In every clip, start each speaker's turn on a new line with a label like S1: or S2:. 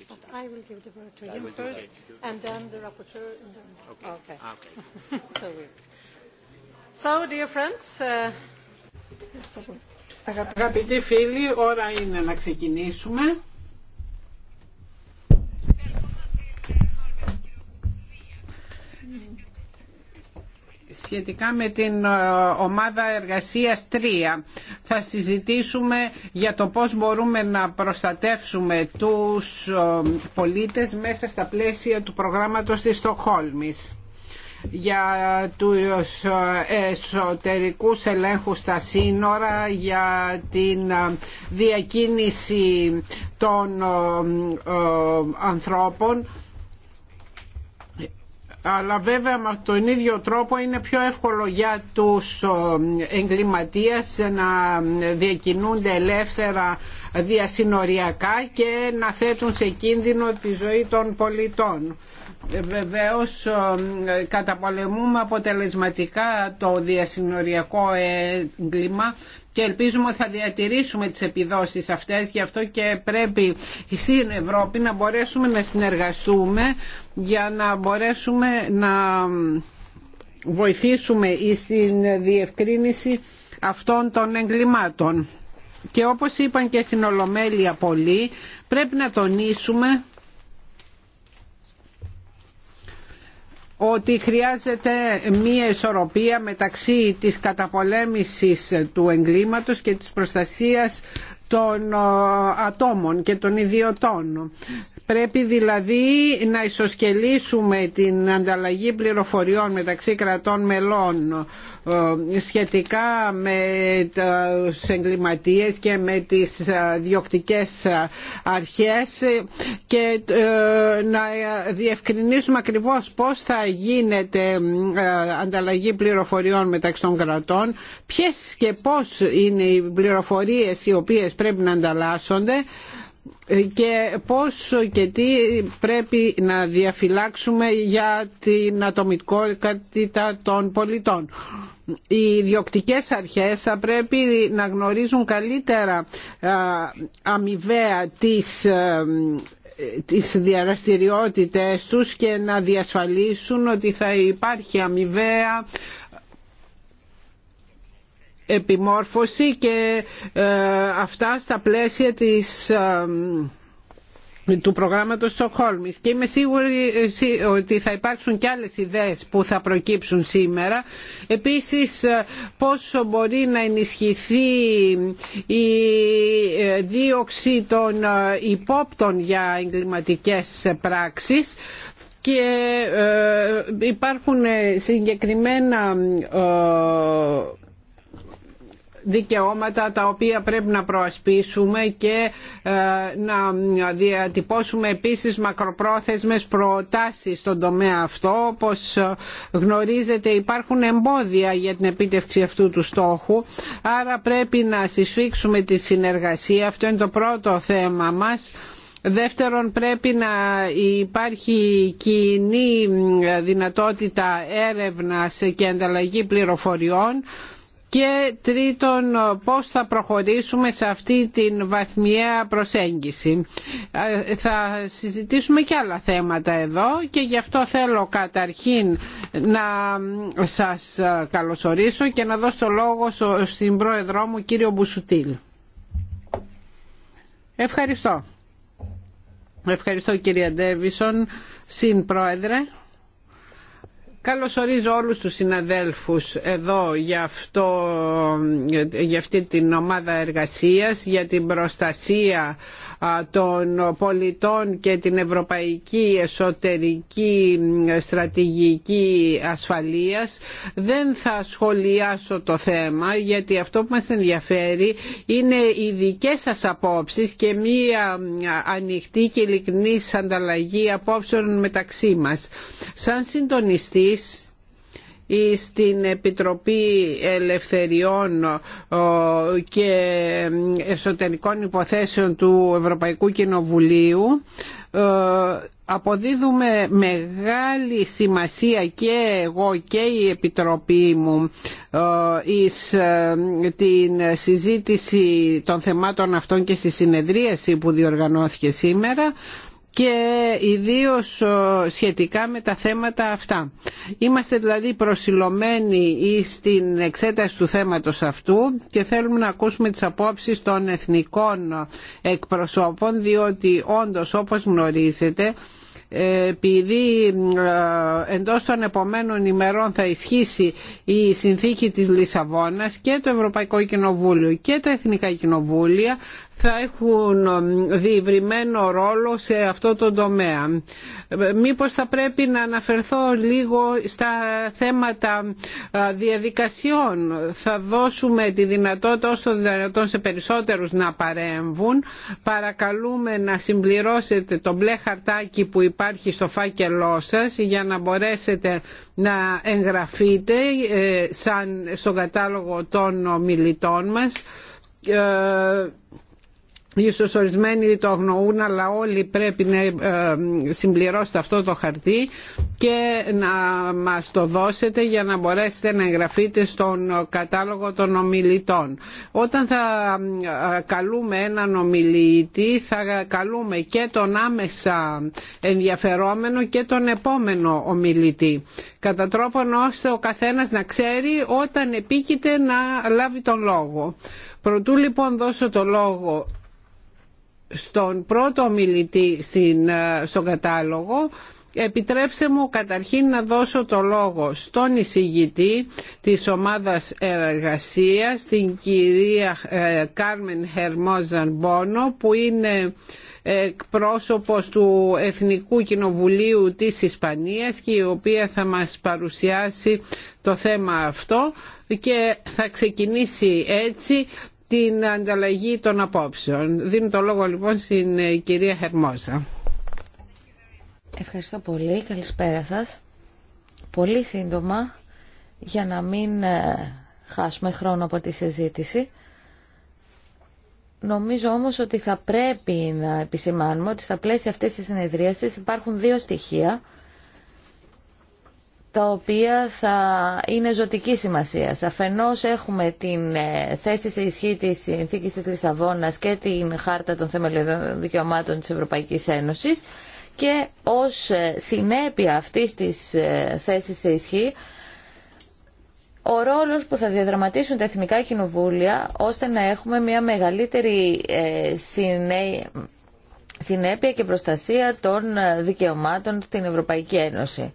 S1: yes,
S2: but I will give the word to him first, and then the rapporteur. Okay.
S1: okay.
S3: so, so, dear friends. Αγαπητοί φίλοι, ώρα είναι να ξεκινήσουμε. σχετικά με την ε, ομάδα εργασίας 3. Θα συζητήσουμε για το πώς μπορούμε να προστατεύσουμε τους ε, πολίτες μέσα στα πλαίσια του προγράμματος της Στοχόλμης. για τους ε, εσωτερικούς ελέγχους στα σύνορα, για την διακίνηση των ανθρώπων αλλά βέβαια με τον ίδιο τρόπο είναι πιο εύκολο για τους εγκληματίες να διακινούνται ελεύθερα διασυνοριακά και να θέτουν σε κίνδυνο τη ζωή των πολιτών. Ε, Βεβαίω, ε, καταπολεμούμε αποτελεσματικά το διασυνοριακό έγκλημα και ελπίζουμε ότι θα διατηρήσουμε τις επιδόσεις αυτές γι' αυτό και πρέπει στην Ευρώπη να μπορέσουμε να συνεργαστούμε για να μπορέσουμε να βοηθήσουμε στην διευκρίνηση αυτών των εγκλημάτων. Και όπως είπαν και στην Ολομέλεια πολλοί, πρέπει να τονίσουμε ότι χρειάζεται μία ισορροπία μεταξύ της καταπολέμησης του εγκλήματος και της προστασίας των ε, ατόμων και των ιδιωτών. Πρέπει δηλαδή να ισοσκελίσουμε την ανταλλαγή πληροφοριών μεταξύ κρατών μελών ε, σχετικά με τις εγκληματίες και με τις διοκτικές αρχές και ε, να διευκρινίσουμε ακριβώς πώς θα γίνεται ε, ανταλλαγή πληροφοριών μεταξύ των κρατών, ποιες και πώς είναι οι πληροφορίες οι οποίες πρέπει να ανταλλάσσονται και πώς και τι πρέπει να διαφυλάξουμε για την ατομικότητα των πολιτών. Οι διοκτικές αρχές θα πρέπει να γνωρίζουν καλύτερα αμοιβαία τις ε, τις του τους και να διασφαλίσουν ότι θα υπάρχει αμοιβαία επιμόρφωση και ε, αυτά στα πλαίσια της ε, του προγράμματος Στοχόλμης. και είμαι σίγουρη ότι θα υπάρξουν και άλλες ιδέες που θα προκύψουν σήμερα. Επίσης ε, πόσο μπορεί να ενισχυθεί η δίωξη των υπόπτων για εγκληματικές πράξεις και υπάρχουν συγκεκριμένα δικαιώματα τα οποία πρέπει να προασπίσουμε και ε, να διατυπώσουμε επίσης μακροπρόθεσμες προτάσεις στον τομέα αυτό. Όπως ε, γνωρίζετε υπάρχουν εμπόδια για την επίτευξη αυτού του στόχου άρα πρέπει να συσφίξουμε τη συνεργασία. Αυτό είναι το πρώτο θέμα μας. Δεύτερον πρέπει να υπάρχει κοινή ε, δυνατότητα έρευνας και ανταλλαγή πληροφοριών και τρίτον πώς θα προχωρήσουμε σε αυτή την βαθμιαία προσέγγιση. Ε, θα συζητήσουμε και άλλα θέματα εδώ και γι' αυτό θέλω καταρχήν να σας καλωσορίσω και να δώσω λόγο στην πρόεδρό μου κύριο Μπουσουτήλ. Ευχαριστώ. Ευχαριστώ κυρία Ντέβισον, συν πρόεδρε. Καλωσορίζω όλους τους συναδέλφους εδώ για, αυτό, για αυτή την ομάδα εργασίας για την προστασία των πολιτών και την ευρωπαϊκή εσωτερική στρατηγική ασφαλείας δεν θα σχολιάσω το θέμα γιατί αυτό που μας ενδιαφέρει είναι οι δικές σας απόψεις και μία ανοιχτή και ειλικρινή ανταλλαγή απόψεων μεταξύ μας. Σαν συντονιστής ή στην Επιτροπή Ελευθεριών ε, και Εσωτερικών Υποθέσεων του Ευρωπαϊκού Κοινοβουλίου ε, αποδίδουμε μεγάλη σημασία και εγώ και η Επιτροπή μου ε, εις την συζήτηση των θεμάτων αυτών και στη συνεδρίαση που διοργανώθηκε σήμερα και ιδίως ε, σχετικά με τα θέματα αυτά. Είμαστε δηλαδή προσιλωμένοι στην εξέταση του θέματος αυτού και θέλουμε να ακούσουμε τις απόψεις των εθνικών εκπροσώπων διότι όντως όπως γνωρίζετε επειδή ε, εντός των επομένων ημερών θα ισχύσει η συνθήκη της Λισαβόνας και το Ευρωπαϊκό Κοινοβούλιο και τα Εθνικά Κοινοβούλια θα έχουν ε, διευρυμένο ρόλο σε αυτό το τομέα. Μήπως θα πρέπει να αναφερθώ λίγο στα θέματα ε, διαδικασιών. Θα δώσουμε τη δυνατότητα όσο δυνατόν σε περισσότερους να παρέμβουν. Παρακαλούμε να συμπληρώσετε το μπλε χαρτάκι που υπάρχει στο φάκελό σας για να μπορέσετε να εγγραφείτε ε, σαν στον κατάλογο των ομιλητών μας Ίσως ορισμένοι το αγνοούν αλλά όλοι πρέπει να ε, συμπληρώσετε αυτό το χαρτί και να μας το δώσετε για να μπορέσετε να εγγραφείτε στον κατάλογο των ομιλητών. Όταν θα ε, καλούμε έναν ομιλητή θα καλούμε και τον άμεσα ενδιαφερόμενο και τον επόμενο ομιλητή. Κατά τρόπον ώστε ο καθένας να ξέρει όταν επίκειται να λάβει τον λόγο. Προτού λοιπόν δώσω το λόγο στον πρώτο μιλητή στην, ε, στον κατάλογο επιτρέψτε μου καταρχήν να δώσω το λόγο στον εισηγητή της ομάδας εργασίας την κυρία ε, Κάρμεν Χερμόζαν Μπόνο που είναι πρόσωπος του Εθνικού Κοινοβουλίου της Ισπανίας και η οποία θα μας παρουσιάσει το θέμα αυτό και θα ξεκινήσει έτσι την ανταλλαγή των απόψεων. Δίνω το λόγο λοιπόν στην ε, κυρία Χερμόσα.
S1: Ευχαριστώ πολύ. Καλησπέρα σας. Πολύ σύντομα, για να μην ε, χάσουμε χρόνο από τη συζήτηση. Νομίζω όμως ότι θα πρέπει να επισημάνουμε ότι στα πλαίσια αυτής της συνεδρίασης υπάρχουν δύο στοιχεία τα οποία θα είναι ζωτική σημασία. Αφενός έχουμε την ε, θέση σε ισχύ τη συνθήκη τη Λισαβόνα και την Χάρτα των Θεμελιωδών Δικαιωμάτων της Ευρωπαϊκής Ένωσης και ως ε, συνέπεια αυτής της ε, θέσης σε ισχύ ο ρόλος που θα διαδραματίσουν τα εθνικά κοινοβούλια ώστε να έχουμε μια μεγαλύτερη συνέπεια και προστασία των δικαιωμάτων στην Ευρωπαϊκή Ένωση.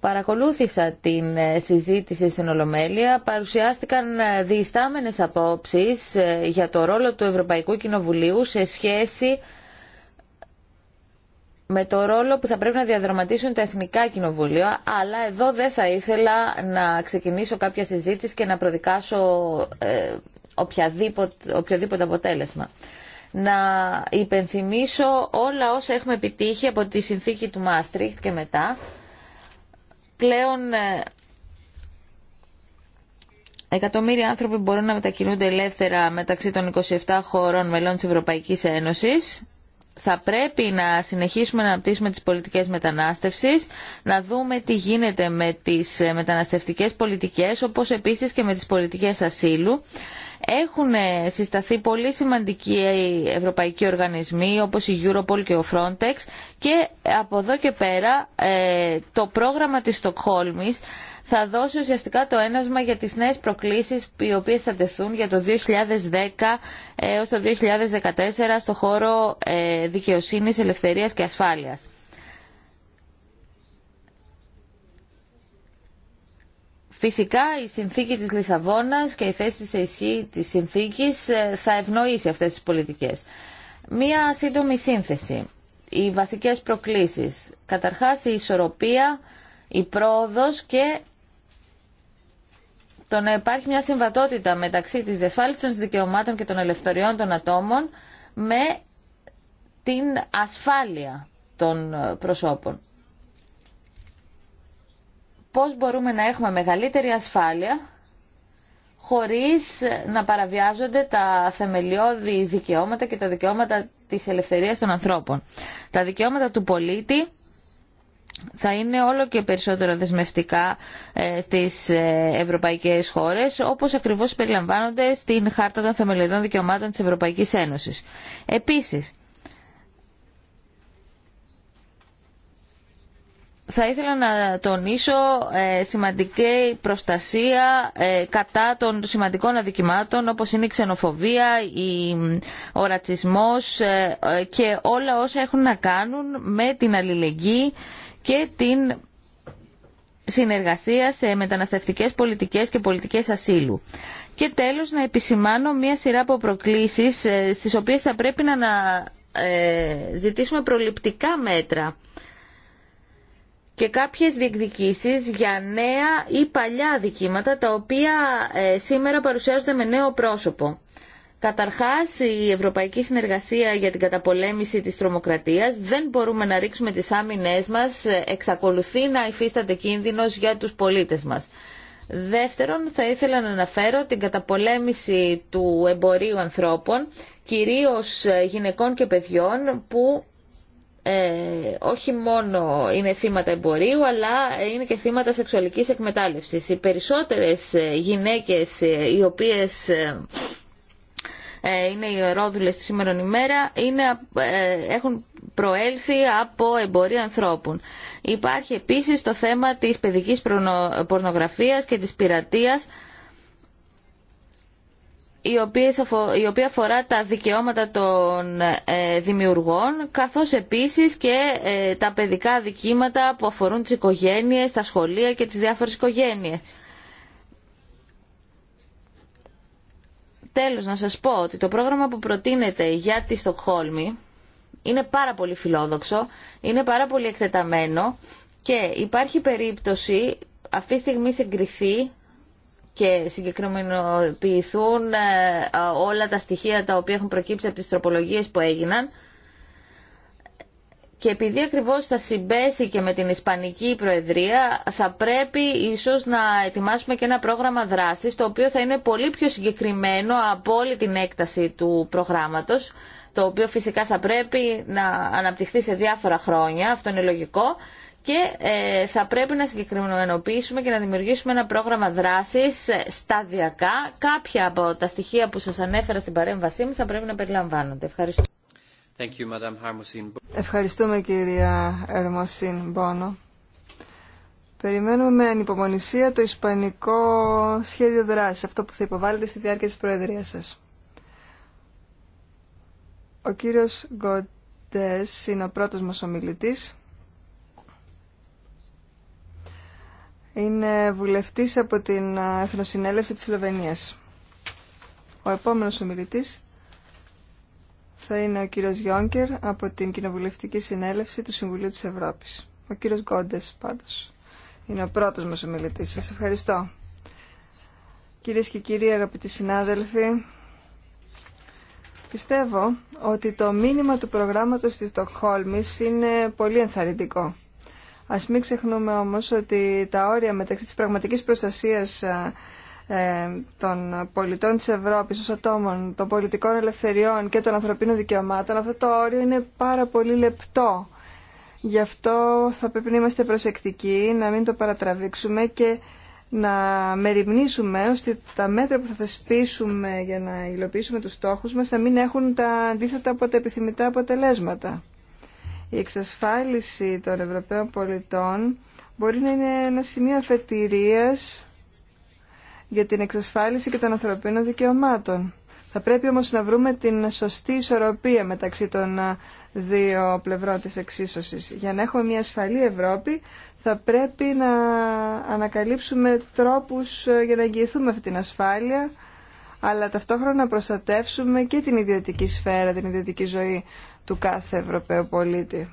S1: Παρακολούθησα την ε, συζήτηση στην Ολομέλεια. Παρουσιάστηκαν ε, διστάμενες απόψεις ε, για το ρόλο του Ευρωπαϊκού Κοινοβουλίου σε σχέση με το ρόλο που θα πρέπει να διαδραματίσουν τα εθνικά κοινοβούλια, αλλά εδώ δεν θα ήθελα να ξεκινήσω κάποια συζήτηση και να προδικάσω οποιοδήποτε αποτέλεσμα. Να υπενθυμίσω όλα όσα έχουμε επιτύχει από τη συνθήκη του Μάστριχτ και μετά, πλέον ε, εκατομμύρια άνθρωποι μπορούν να μετακινούνται ελεύθερα μεταξύ των 27 χωρών μελών της Ευρωπαϊκής Ένωσης. Θα πρέπει να συνεχίσουμε να αναπτύσσουμε τις πολιτικές μετανάστευσης, να δούμε τι γίνεται με τις ε, μεταναστευτικές πολιτικές, όπως επίσης και με τις πολιτικές ασύλου έχουν ε, συσταθεί πολύ σημαντικοί ε, ευρωπαϊκοί οργανισμοί όπως η Europol και ο Frontex και από εδώ και πέρα ε, το πρόγραμμα της Στοκχόλμης θα δώσει ουσιαστικά το ένασμα για τις νέες προκλήσεις οι οποίες θα τεθούν για το 2010 έως το 2014 στο χώρο δικαιοσύνης, ελευθερίας και ασφάλειας. Φυσικά η συνθήκη της Λισαβόνας και η θέση σε ισχύ της συνθήκης ε, θα ευνοήσει αυτές τις πολιτικές. Μία σύντομη σύνθεση. Οι βασικές προκλήσεις. Καταρχάς η ισορροπία, η πρόοδος και το να υπάρχει μια συμβατότητα μεταξύ της διασφάλισης των δικαιωμάτων και των ελευθεριών των ατόμων με την ασφάλεια των ε, προσώπων πώς μπορούμε να έχουμε μεγαλύτερη ασφάλεια χωρίς να παραβιάζονται τα θεμελιώδη δικαιώματα και τα δικαιώματα της ελευθερίας των ανθρώπων. Τα δικαιώματα του πολίτη θα είναι όλο και περισσότερο δεσμευτικά ε, στις ε, ευρωπαϊκές χώρες, όπως ακριβώς περιλαμβάνονται στην Χάρτα των Θεμελιωδών Δικαιωμάτων της Ευρωπαϊκής Ένωσης. Επίσης, θα ήθελα να τονίσω ε, σημαντική προστασία ε, κατά των σημαντικών αδικημάτων όπως είναι η ξενοφοβία, ο ρατσισμός ε, και όλα όσα έχουν να κάνουν με την αλληλεγγύη και την συνεργασία σε μεταναστευτικές πολιτικές και πολιτικές ασύλου. Και τέλος να επισημάνω μία σειρά από προκλήσεις στις οποίες θα πρέπει να ζητήσουμε προληπτικά μέτρα και κάποιες διεκδικήσεις για νέα ή παλιά δικήματα τα οποία ε, σήμερα παρουσιάζονται με νέο πρόσωπο. Καταρχάς, η Ευρωπαϊκή Συνεργασία για την Καταπολέμηση της Τρομοκρατίας δεν μπορούμε να ρίξουμε τις άμυνές μας, εξακολουθεί να υφίσταται κίνδυνος για τους πολίτες μας. Δεύτερον, θα ήθελα να αναφέρω την καταπολέμηση του εμπορίου ανθρώπων, κυρίως ε, γυναικών και παιδιών, που ε, όχι μόνο είναι θύματα εμπορίου αλλά είναι και θύματα σεξουαλικής εκμετάλλευσης. Οι περισσότερες ε, γυναίκες ε, οι οποίες είναι οι τη σήμερα ημέρα είναι, έχουν προέλθει από εμπορία ανθρώπων. Υπάρχει επίσης το θέμα της παιδικής πορνογραφίας και της πειρατείας η οποία αφορά τα δικαιώματα των ε, δημιουργών καθώς επίσης και ε, τα παιδικά δικήματα που αφορούν τις οικογένειες, τα σχολεία και τις διάφορες οικογένειες. Τέλος, να σας πω ότι το πρόγραμμα που προτείνεται για τη Στοκχόλμη είναι πάρα πολύ φιλόδοξο, είναι πάρα πολύ εκτεταμένο και υπάρχει περίπτωση αυτή τη στιγμή και συγκεκριμενοποιηθούν ε, όλα τα στοιχεία τα οποία έχουν προκύψει από τις τροπολογίες που έγιναν. Και επειδή ακριβώς θα συμπέσει και με την Ισπανική Προεδρία, θα πρέπει ίσως να ετοιμάσουμε και ένα πρόγραμμα δράσης, το οποίο θα είναι πολύ πιο συγκεκριμένο από όλη την έκταση του προγράμματος, το οποίο φυσικά θα πρέπει να αναπτυχθεί σε διάφορα χρόνια, αυτό είναι λογικό, και ε, θα πρέπει να συγκεκριμενοποιήσουμε και να δημιουργήσουμε ένα πρόγραμμα δράσης ε, σταδιακά. Κάποια από τα στοιχεία που σας ανέφερα στην παρέμβασή μου θα πρέπει να περιλαμβάνονται. Ευχαριστώ. Ευχαριστούμε κυρία Ερμοσίν Μπόνο.
S2: Περιμένουμε με ανυπομονησία το ισπανικό σχέδιο δράσης, αυτό που θα υποβάλλετε στη διάρκεια της Προεδρίας σας. Ο κύριος Γκοντές είναι ο πρώτος μας ομιλητής. είναι βουλευτής από την Εθνοσυνέλευση της Σλοβενίας. Ο επόμενος ομιλητής θα είναι ο κύριος Γιόνκερ από την Κοινοβουλευτική Συνέλευση του Συμβουλίου της Ευρώπης. Ο κύριος Γκόντες πάντως είναι ο πρώτος μας ομιλητής. Σας ευχαριστώ. Κυρίες και κύριοι αγαπητοί συνάδελφοι, πιστεύω ότι το μήνυμα του προγράμματος της Στοκχόλμης είναι πολύ ενθαρρυντικό. Ας μην ξεχνούμε όμως ότι τα όρια μεταξύ της πραγματικής προστασίας ε, ε, των πολιτών της Ευρώπης ως ατόμων, των πολιτικών ελευθεριών και των ανθρωπίνων δικαιωμάτων, αυτό το όριο είναι πάρα πολύ λεπτό. Γι' αυτό θα πρέπει να είμαστε προσεκτικοί, να μην το παρατραβήξουμε και να μεριμνήσουμε ώστε τα μέτρα που θα θεσπίσουμε για να υλοποιήσουμε τους στόχους μας να μην έχουν τα αντίθετα από τα επιθυμητά αποτελέσματα η εξασφάλιση των Ευρωπαίων πολιτών μπορεί να είναι ένα σημείο αφετηρίας για την εξασφάλιση και των ανθρωπίνων δικαιωμάτων. Θα πρέπει όμως να βρούμε την σωστή ισορροπία μεταξύ των δύο πλευρών της εξίσωσης. Για να έχουμε μια ασφαλή Ευρώπη θα πρέπει να ανακαλύψουμε τρόπους για να εγγυηθούμε αυτή την ασφάλεια αλλά ταυτόχρονα να προστατεύσουμε και την ιδιωτική σφαίρα, την ιδιωτική ζωή του κάθε Ευρωπαίου πολίτη.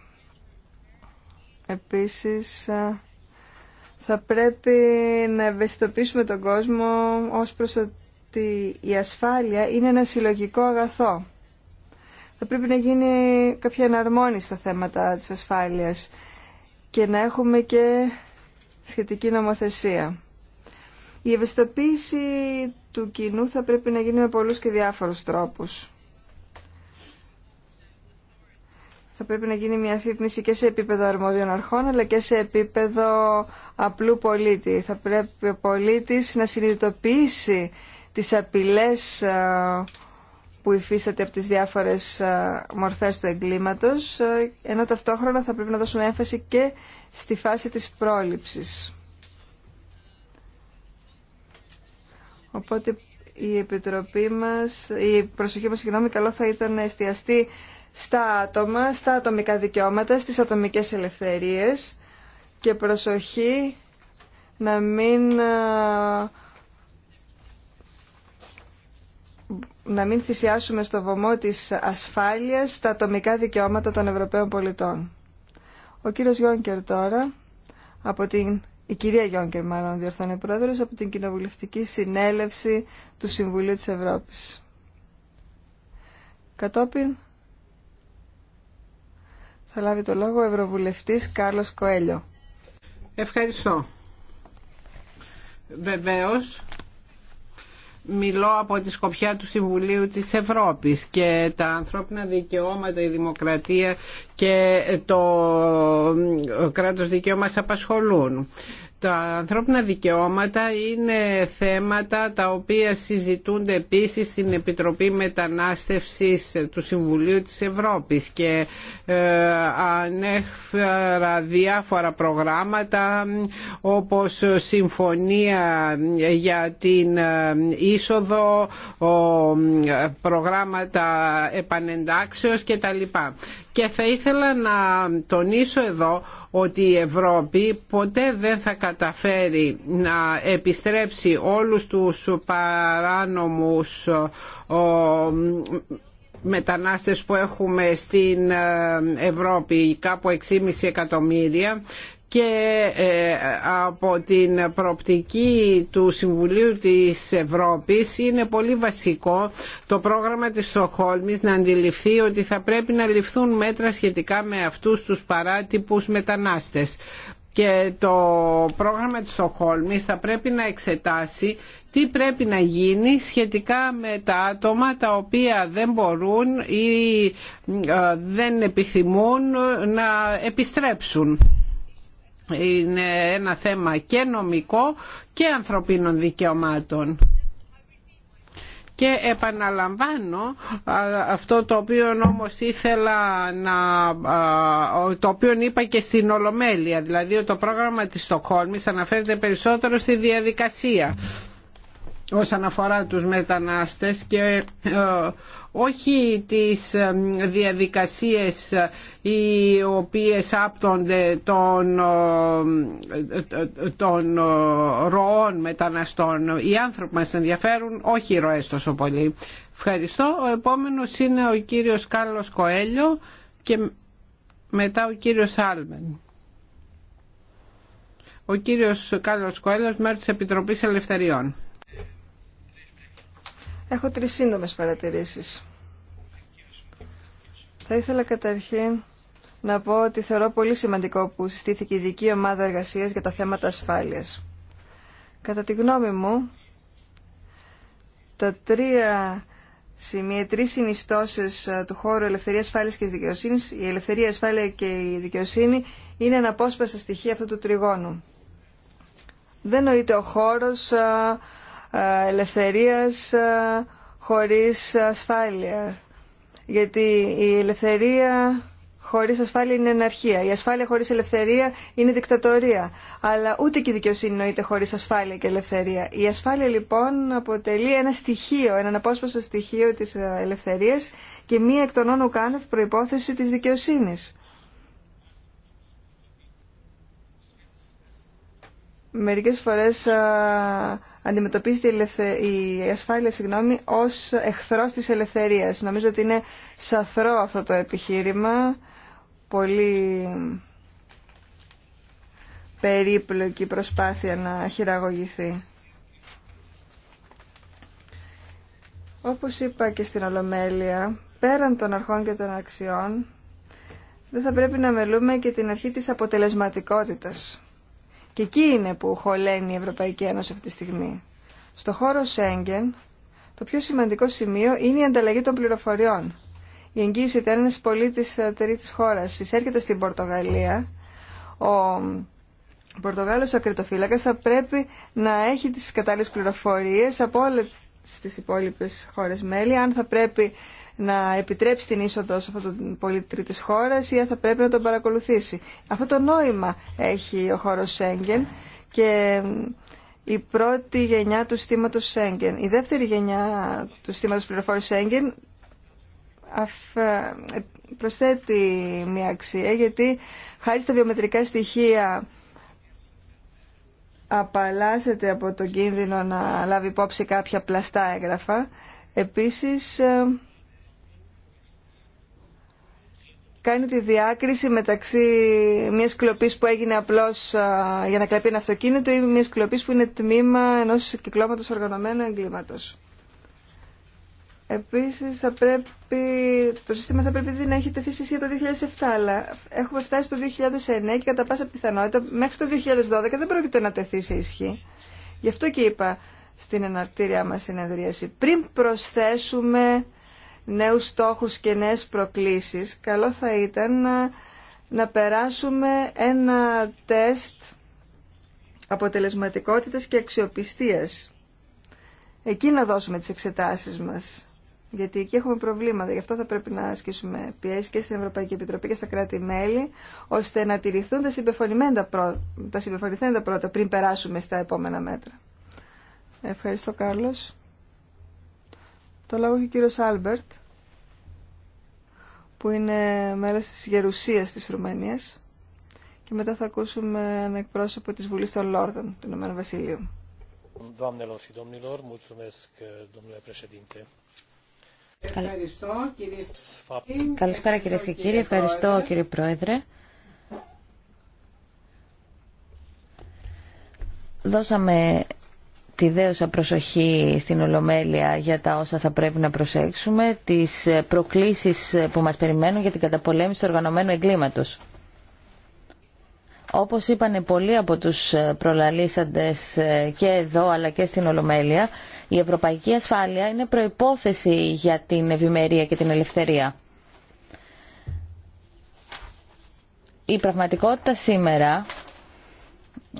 S2: Επίσης, θα πρέπει να ευαισθητοποιήσουμε τον κόσμο ως προς ότι η ασφάλεια είναι ένα συλλογικό αγαθό. Θα πρέπει να γίνει κάποια εναρμόνιση στα θέματα της ασφάλειας και να έχουμε και σχετική νομοθεσία. Η ευαισθητοποίηση του κοινού θα πρέπει να γίνει με πολλούς και διάφορους τρόπους. Θα πρέπει να γίνει μια αφύπνιση και σε επίπεδο αρμόδιων αρχών, αλλά και σε επίπεδο απλού πολίτη. Θα πρέπει ο πολίτης να συνειδητοποιήσει τις απειλές ε, που υφίσταται από τις διάφορες ε, μορφές του εγκλήματος, ε, ενώ ταυτόχρονα θα πρέπει να δώσουμε έμφαση και στη φάση της πρόληψης. Οπότε η επιτροπή μας, η προσοχή μας, συγγνώμη, καλό θα ήταν να εστιαστεί στα άτομα, στα ατομικά δικαιώματα, στις ατομικές ελευθερίες και προσοχή να μην να μην θυσιάσουμε στο βωμό της ασφάλειας τα ατομικά δικαιώματα των Ευρωπαίων πολιτών. Ο κύριος Γιόνκερ τώρα από την η κυρία Γιόνκερ μάλλον διορθώνει πρόεδρος από την Κοινοβουλευτική Συνέλευση του Συμβουλίου της Ευρώπης. Κατόπιν θα λάβει το λόγο ο Ευρωβουλευτής Κάρλος Κοέλιο. Ευχαριστώ.
S3: Βεβαίως μιλώ από τη σκοπιά του Συμβουλίου της Ευρώπης και τα ανθρώπινα δικαιώματα, η δημοκρατία και το κράτος δικαίωμα μας απασχολούν. Τα ανθρώπινα δικαιώματα είναι θέματα τα οποία συζητούνται επίσης στην Επιτροπή Μετανάστευσης του Συμβουλίου της Ευρώπης και ε, ανέφερα διάφορα προγράμματα όπως συμφωνία για την ε, είσοδο, ε, προγράμματα επανεντάξεως κτλ. Και θα ήθελα να τονίσω εδώ ότι η Ευρώπη ποτέ δεν θα καταφέρει να επιστρέψει όλους τους παράνομους μετανάστες που έχουμε στην ε, Ευρώπη, κάπου 6,5 εκατομμύρια και ε, από την προοπτική του Συμβουλίου της Ευρώπης είναι πολύ βασικό το πρόγραμμα της Στοχόλμης να αντιληφθεί ότι θα πρέπει να ληφθούν μέτρα σχετικά με αυτούς τους παράτυπους μετανάστες και το πρόγραμμα της Στοχόλμης θα πρέπει να εξετάσει τι πρέπει να γίνει σχετικά με τα άτομα τα οποία δεν μπορούν ή ε, δεν επιθυμούν να επιστρέψουν είναι ένα θέμα και νομικό και ανθρωπίνων δικαιωμάτων. Και επαναλαμβάνω αυτό το οποίο όμως ήθελα να... το οποίο είπα και στην Ολομέλεια, δηλαδή το πρόγραμμα της Στοκχόλμης αναφέρεται περισσότερο στη διαδικασία όσον αφορά τους μετανάστες και ε, όχι τις ε, διαδικασίες ε, οι οποίες άπτονται των, ε, των ροών μεταναστών. Οι άνθρωποι μας ενδιαφέρουν, όχι οι ροές τόσο πολύ. Ευχαριστώ. Ο επόμενος είναι ο κύριος Κάρλος Κοέλιο και μετά ο κύριος Άλμεν. Ο κύριος Κάρλος Κοέλιο μέρος της Επιτροπής Ελευθεριών.
S2: Έχω τρεις σύντομες παρατηρήσεις. Θα ήθελα καταρχήν να πω ότι θεωρώ πολύ σημαντικό που συστήθηκε η ειδική ομάδα εργασίας για τα θέματα ασφάλειας. Κατά τη γνώμη μου, τα τρία σημεία, τρει συνιστώσει ε, του χώρου ελευθερία, ασφάλεια και δικαιοσύνη, η ελευθερία, και η δικαιοσύνη είναι αναπόσπαστα στοιχεία αυτού του τριγώνου. Δεν νοείται ο χώρο ε, ε, ελευθερία χωρί ασφάλεια γιατί η ελευθερία χωρίς ασφάλεια είναι αναρχία. Η ασφάλεια χωρίς ελευθερία είναι δικτατορία. Αλλά ούτε και η δικαιοσύνη νοείται χωρίς ασφάλεια και ελευθερία. Η ασφάλεια λοιπόν αποτελεί ένα στοιχείο, έναν απόσπαστο στοιχείο της ε, ελευθερίας και μία εκ των όνων κάνευ προϋπόθεση της δικαιοσύνης. Μερικές φορές αντιμετωπίζεται η ασφάλεια συγγνώμη, ως εχθρός της ελευθερίας. Νομίζω ότι είναι σαθρό αυτό το επιχείρημα, πολύ περίπλοκη προσπάθεια να χειραγωγηθεί. Όπως είπα και στην Ολομέλεια, πέραν των αρχών και των αξιών, δεν θα πρέπει να μελούμε και την αρχή της αποτελεσματικότητας. Και εκεί είναι που χωλαίνει η Ευρωπαϊκή Ένωση αυτή τη στιγμή. Στο χώρο Σέγγεν, το πιο σημαντικό σημείο είναι η ανταλλαγή των πληροφοριών. Η εγγύηση ότι ένα πολίτη ε, τρίτη χώρα εισέρχεται στην Πορτογαλία, ο Πορτογάλος ακριτοφύλακας θα πρέπει να έχει τις κατάλληλες πληροφορίες από όλες τις υπόλοιπες χώρες μέλη, αν θα πρέπει να επιτρέψει την είσοδο σε αυτόν τον πολίτη τη χώρας ή θα πρέπει να τον παρακολουθήσει. Αυτό το νόημα έχει ο χώρο Σέγγεν και η πρώτη γενιά του συστήματος Σέγγεν. Η δεύτερη γενιά του συστήματος πληροφόρου Σέγγεν ε, προσθέτει μια αξία γιατί χάρη στα βιομετρικά στοιχεία απαλλάσσεται από τον κίνδυνο να λάβει υπόψη κάποια πλαστά έγγραφα. Επίσης ε, κάνει τη διάκριση μεταξύ μιας κλοπής που έγινε απλώς για να κλαπεί ένα αυτοκίνητο ή μιας κλοπής που είναι τμήμα ενός κυκλώματος οργανωμένου εγκλήματος. Επίσης θα πρέπει, το σύστημα θα πρέπει να έχει τεθεί σε το 2007, αλλά έχουμε φτάσει το 2009 και κατά πάσα πιθανότητα μέχρι το 2012 δεν πρόκειται να τεθεί σε ισχύ. Γι' αυτό και είπα στην εναρτήρια μας συνεδρίαση, πριν προσθέσουμε νέους στόχους και νέες προκλήσεις, καλό θα ήταν να, ε, να περάσουμε ένα τεστ αποτελεσματικότητας και αξιοπιστίας. Εκεί να δώσουμε τις εξετάσεις μας. Γιατί εκεί έχουμε προβλήματα. Γι' αυτό θα πρέπει να ασκήσουμε πιέσει και στην Ευρωπαϊκή Επιτροπή και στα κράτη-μέλη, ώστε να τηρηθούν τα συμπεφωνημένα πρώτα, πρώτα πριν περάσουμε στα επόμενα μέτρα. Ευχαριστώ, Κάρλος. Το λόγο έχει ο κύριος Άλμπερτ, που είναι μέλος της Γερουσίας της Ρουμανίας και μετά θα ακούσουμε ένα εκπρόσωπο της Βουλής των Λόρδων του Ηνωμένου Βασιλείου.
S3: Καλησπέρα κύριε και κύριοι, ευχαριστώ κύριε
S1: Πρόεδρε. Δώσαμε τη δέωσα προσοχή στην Ολομέλεια για τα όσα θα πρέπει να προσέξουμε, τις προκλήσεις που μας περιμένουν για την καταπολέμηση του οργανωμένου εγκλήματος. Όπως είπαν πολλοί από τους προλαλήσαντες και εδώ αλλά και στην Ολομέλεια, η ευρωπαϊκή ασφάλεια είναι προϋπόθεση για την ευημερία και την ελευθερία. Η πραγματικότητα σήμερα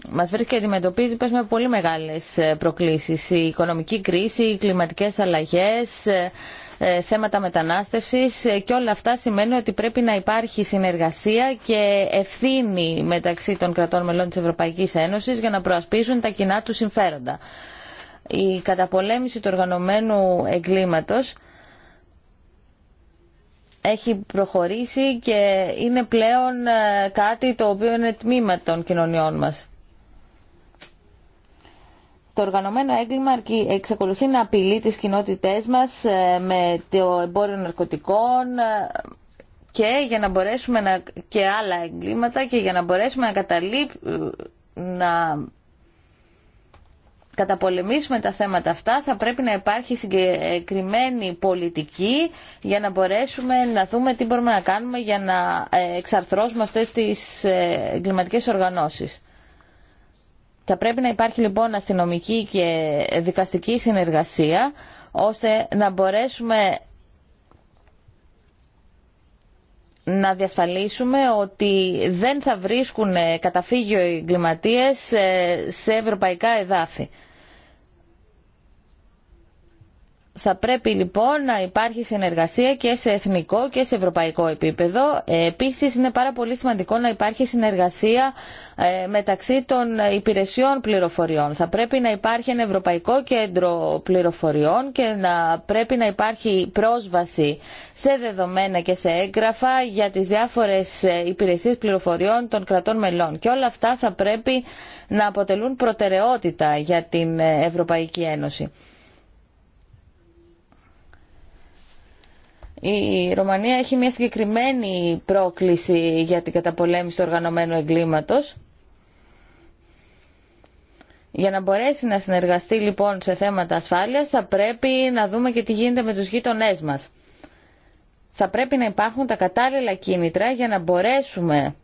S1: Μα βρίσκει αντιμετωπίζει με πολύ μεγάλες ε, προκλήσεις. Η οικονομική κρίση, οι κλιματικές αλλαγές, ε, ε, θέματα μετανάστευση και όλα αυτά σημαίνουν ότι πρέπει να υπάρχει συνεργασία και ευθύνη μεταξύ των κρατών μελών της Ευρωπαϊκής Ένωσης για να προασπίσουν τα κοινά του συμφέροντα. Η καταπολέμηση του οργανωμένου εγκλήματος έχει προχωρήσει και είναι πλέον κάτι το οποίο είναι τμήμα των κοινωνιών μας. Το οργανωμένο έγκλημα εξακολουθεί να απειλεί τις κοινότητές μας ε, με το εμπόριο ναρκωτικών ε, και για να μπορέσουμε να... και άλλα εγκλήματα και για να μπορέσουμε να ε, να καταπολεμήσουμε τα θέματα αυτά θα πρέπει να υπάρχει συγκεκριμένη πολιτική για να μπορέσουμε να δούμε τι μπορούμε να κάνουμε για να εξαρθρώσουμε αυτές τις εγκληματικές οργανώσεις. Θα πρέπει να υπάρχει λοιπόν αστυνομική και δικαστική συνεργασία ώστε να μπορέσουμε να διασφαλίσουμε ότι δεν θα βρίσκουν καταφύγιο οι εγκληματίες ε, σε ευρωπαϊκά εδάφη. Θα πρέπει λοιπόν να υπάρχει συνεργασία και σε εθνικό και σε ευρωπαϊκό επίπεδο. Ε, επίσης είναι πάρα πολύ σημαντικό να υπάρχει συνεργασία ε, μεταξύ των υπηρεσιών πληροφοριών. Θα πρέπει να υπάρχει ένα ευρωπαϊκό κέντρο πληροφοριών και να πρέπει να υπάρχει πρόσβαση σε δεδομένα και σε έγγραφα για τις διάφορες ε, υπηρεσίες πληροφοριών των κρατών μελών. Και όλα αυτά θα πρέπει να αποτελούν προτεραιότητα για την Ευρωπαϊκή Ένωση. Η Ρωμανία έχει μια συγκεκριμένη πρόκληση για την καταπολέμηση του οργανωμένου εγκλήματος. Για να μπορέσει να συνεργαστεί λοιπόν σε θέματα ασφάλειας θα πρέπει να δούμε και τι γίνεται με τους γείτονε μας. Θα πρέπει να υπάρχουν τα κατάλληλα κίνητρα για να μπορέσουμε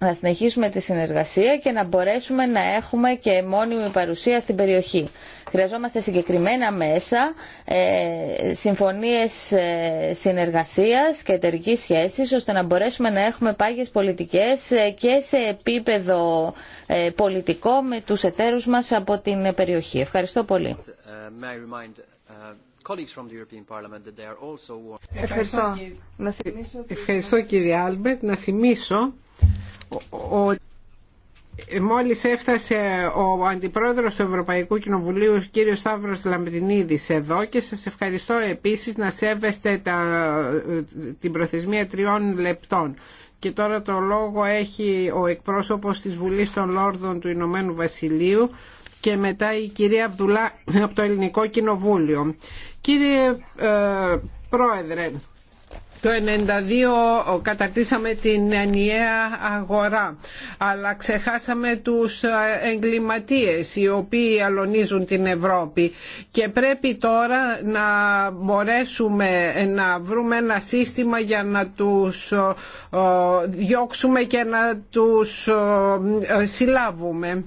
S1: να συνεχίσουμε τη συνεργασία και να μπορέσουμε να έχουμε και μόνιμη παρουσία στην περιοχή. Χρειαζόμαστε συγκεκριμένα μέσα, ε, συμφωνίες ε, συνεργασίας και εταιρική σχέσης, ώστε να μπορέσουμε να έχουμε πάγιες πολιτικές ε, και σε επίπεδο πολιτικό με τους εταίρους μας από την περιοχή. Ευχαριστώ πολύ.
S3: Uh, uh, Ευχαριστώ. Ευχαριστώ κύριε Άλμπερτ. Να θυμίσω ο μόλις έφτασε ο Αντιπρόεδρος του Ευρωπαϊκού Κοινοβουλίου κύριος Σταύρος Λαμπρινίδης εδώ και σας ευχαριστώ επίσης να σέβεστε τα, την προθεσμία τριών λεπτών. Και τώρα το λόγο έχει ο εκπρόσωπος της Βουλής των Λόρδων του Ηνωμένου Βασιλείου και μετά η κυρία Απτουλά από το Ελληνικό Κοινοβούλιο. Κύριε ε, Πρόεδρε, το 1992 καταρτήσαμε την ενιαία αγορά, αλλά ξεχάσαμε τους ε, εγκληματίες οι οποίοι αλωνίζουν την Ευρώπη και πρέπει τώρα να μπορέσουμε να βρούμε ένα σύστημα για να τους ε, ε, διώξουμε και να τους συλλάβουμε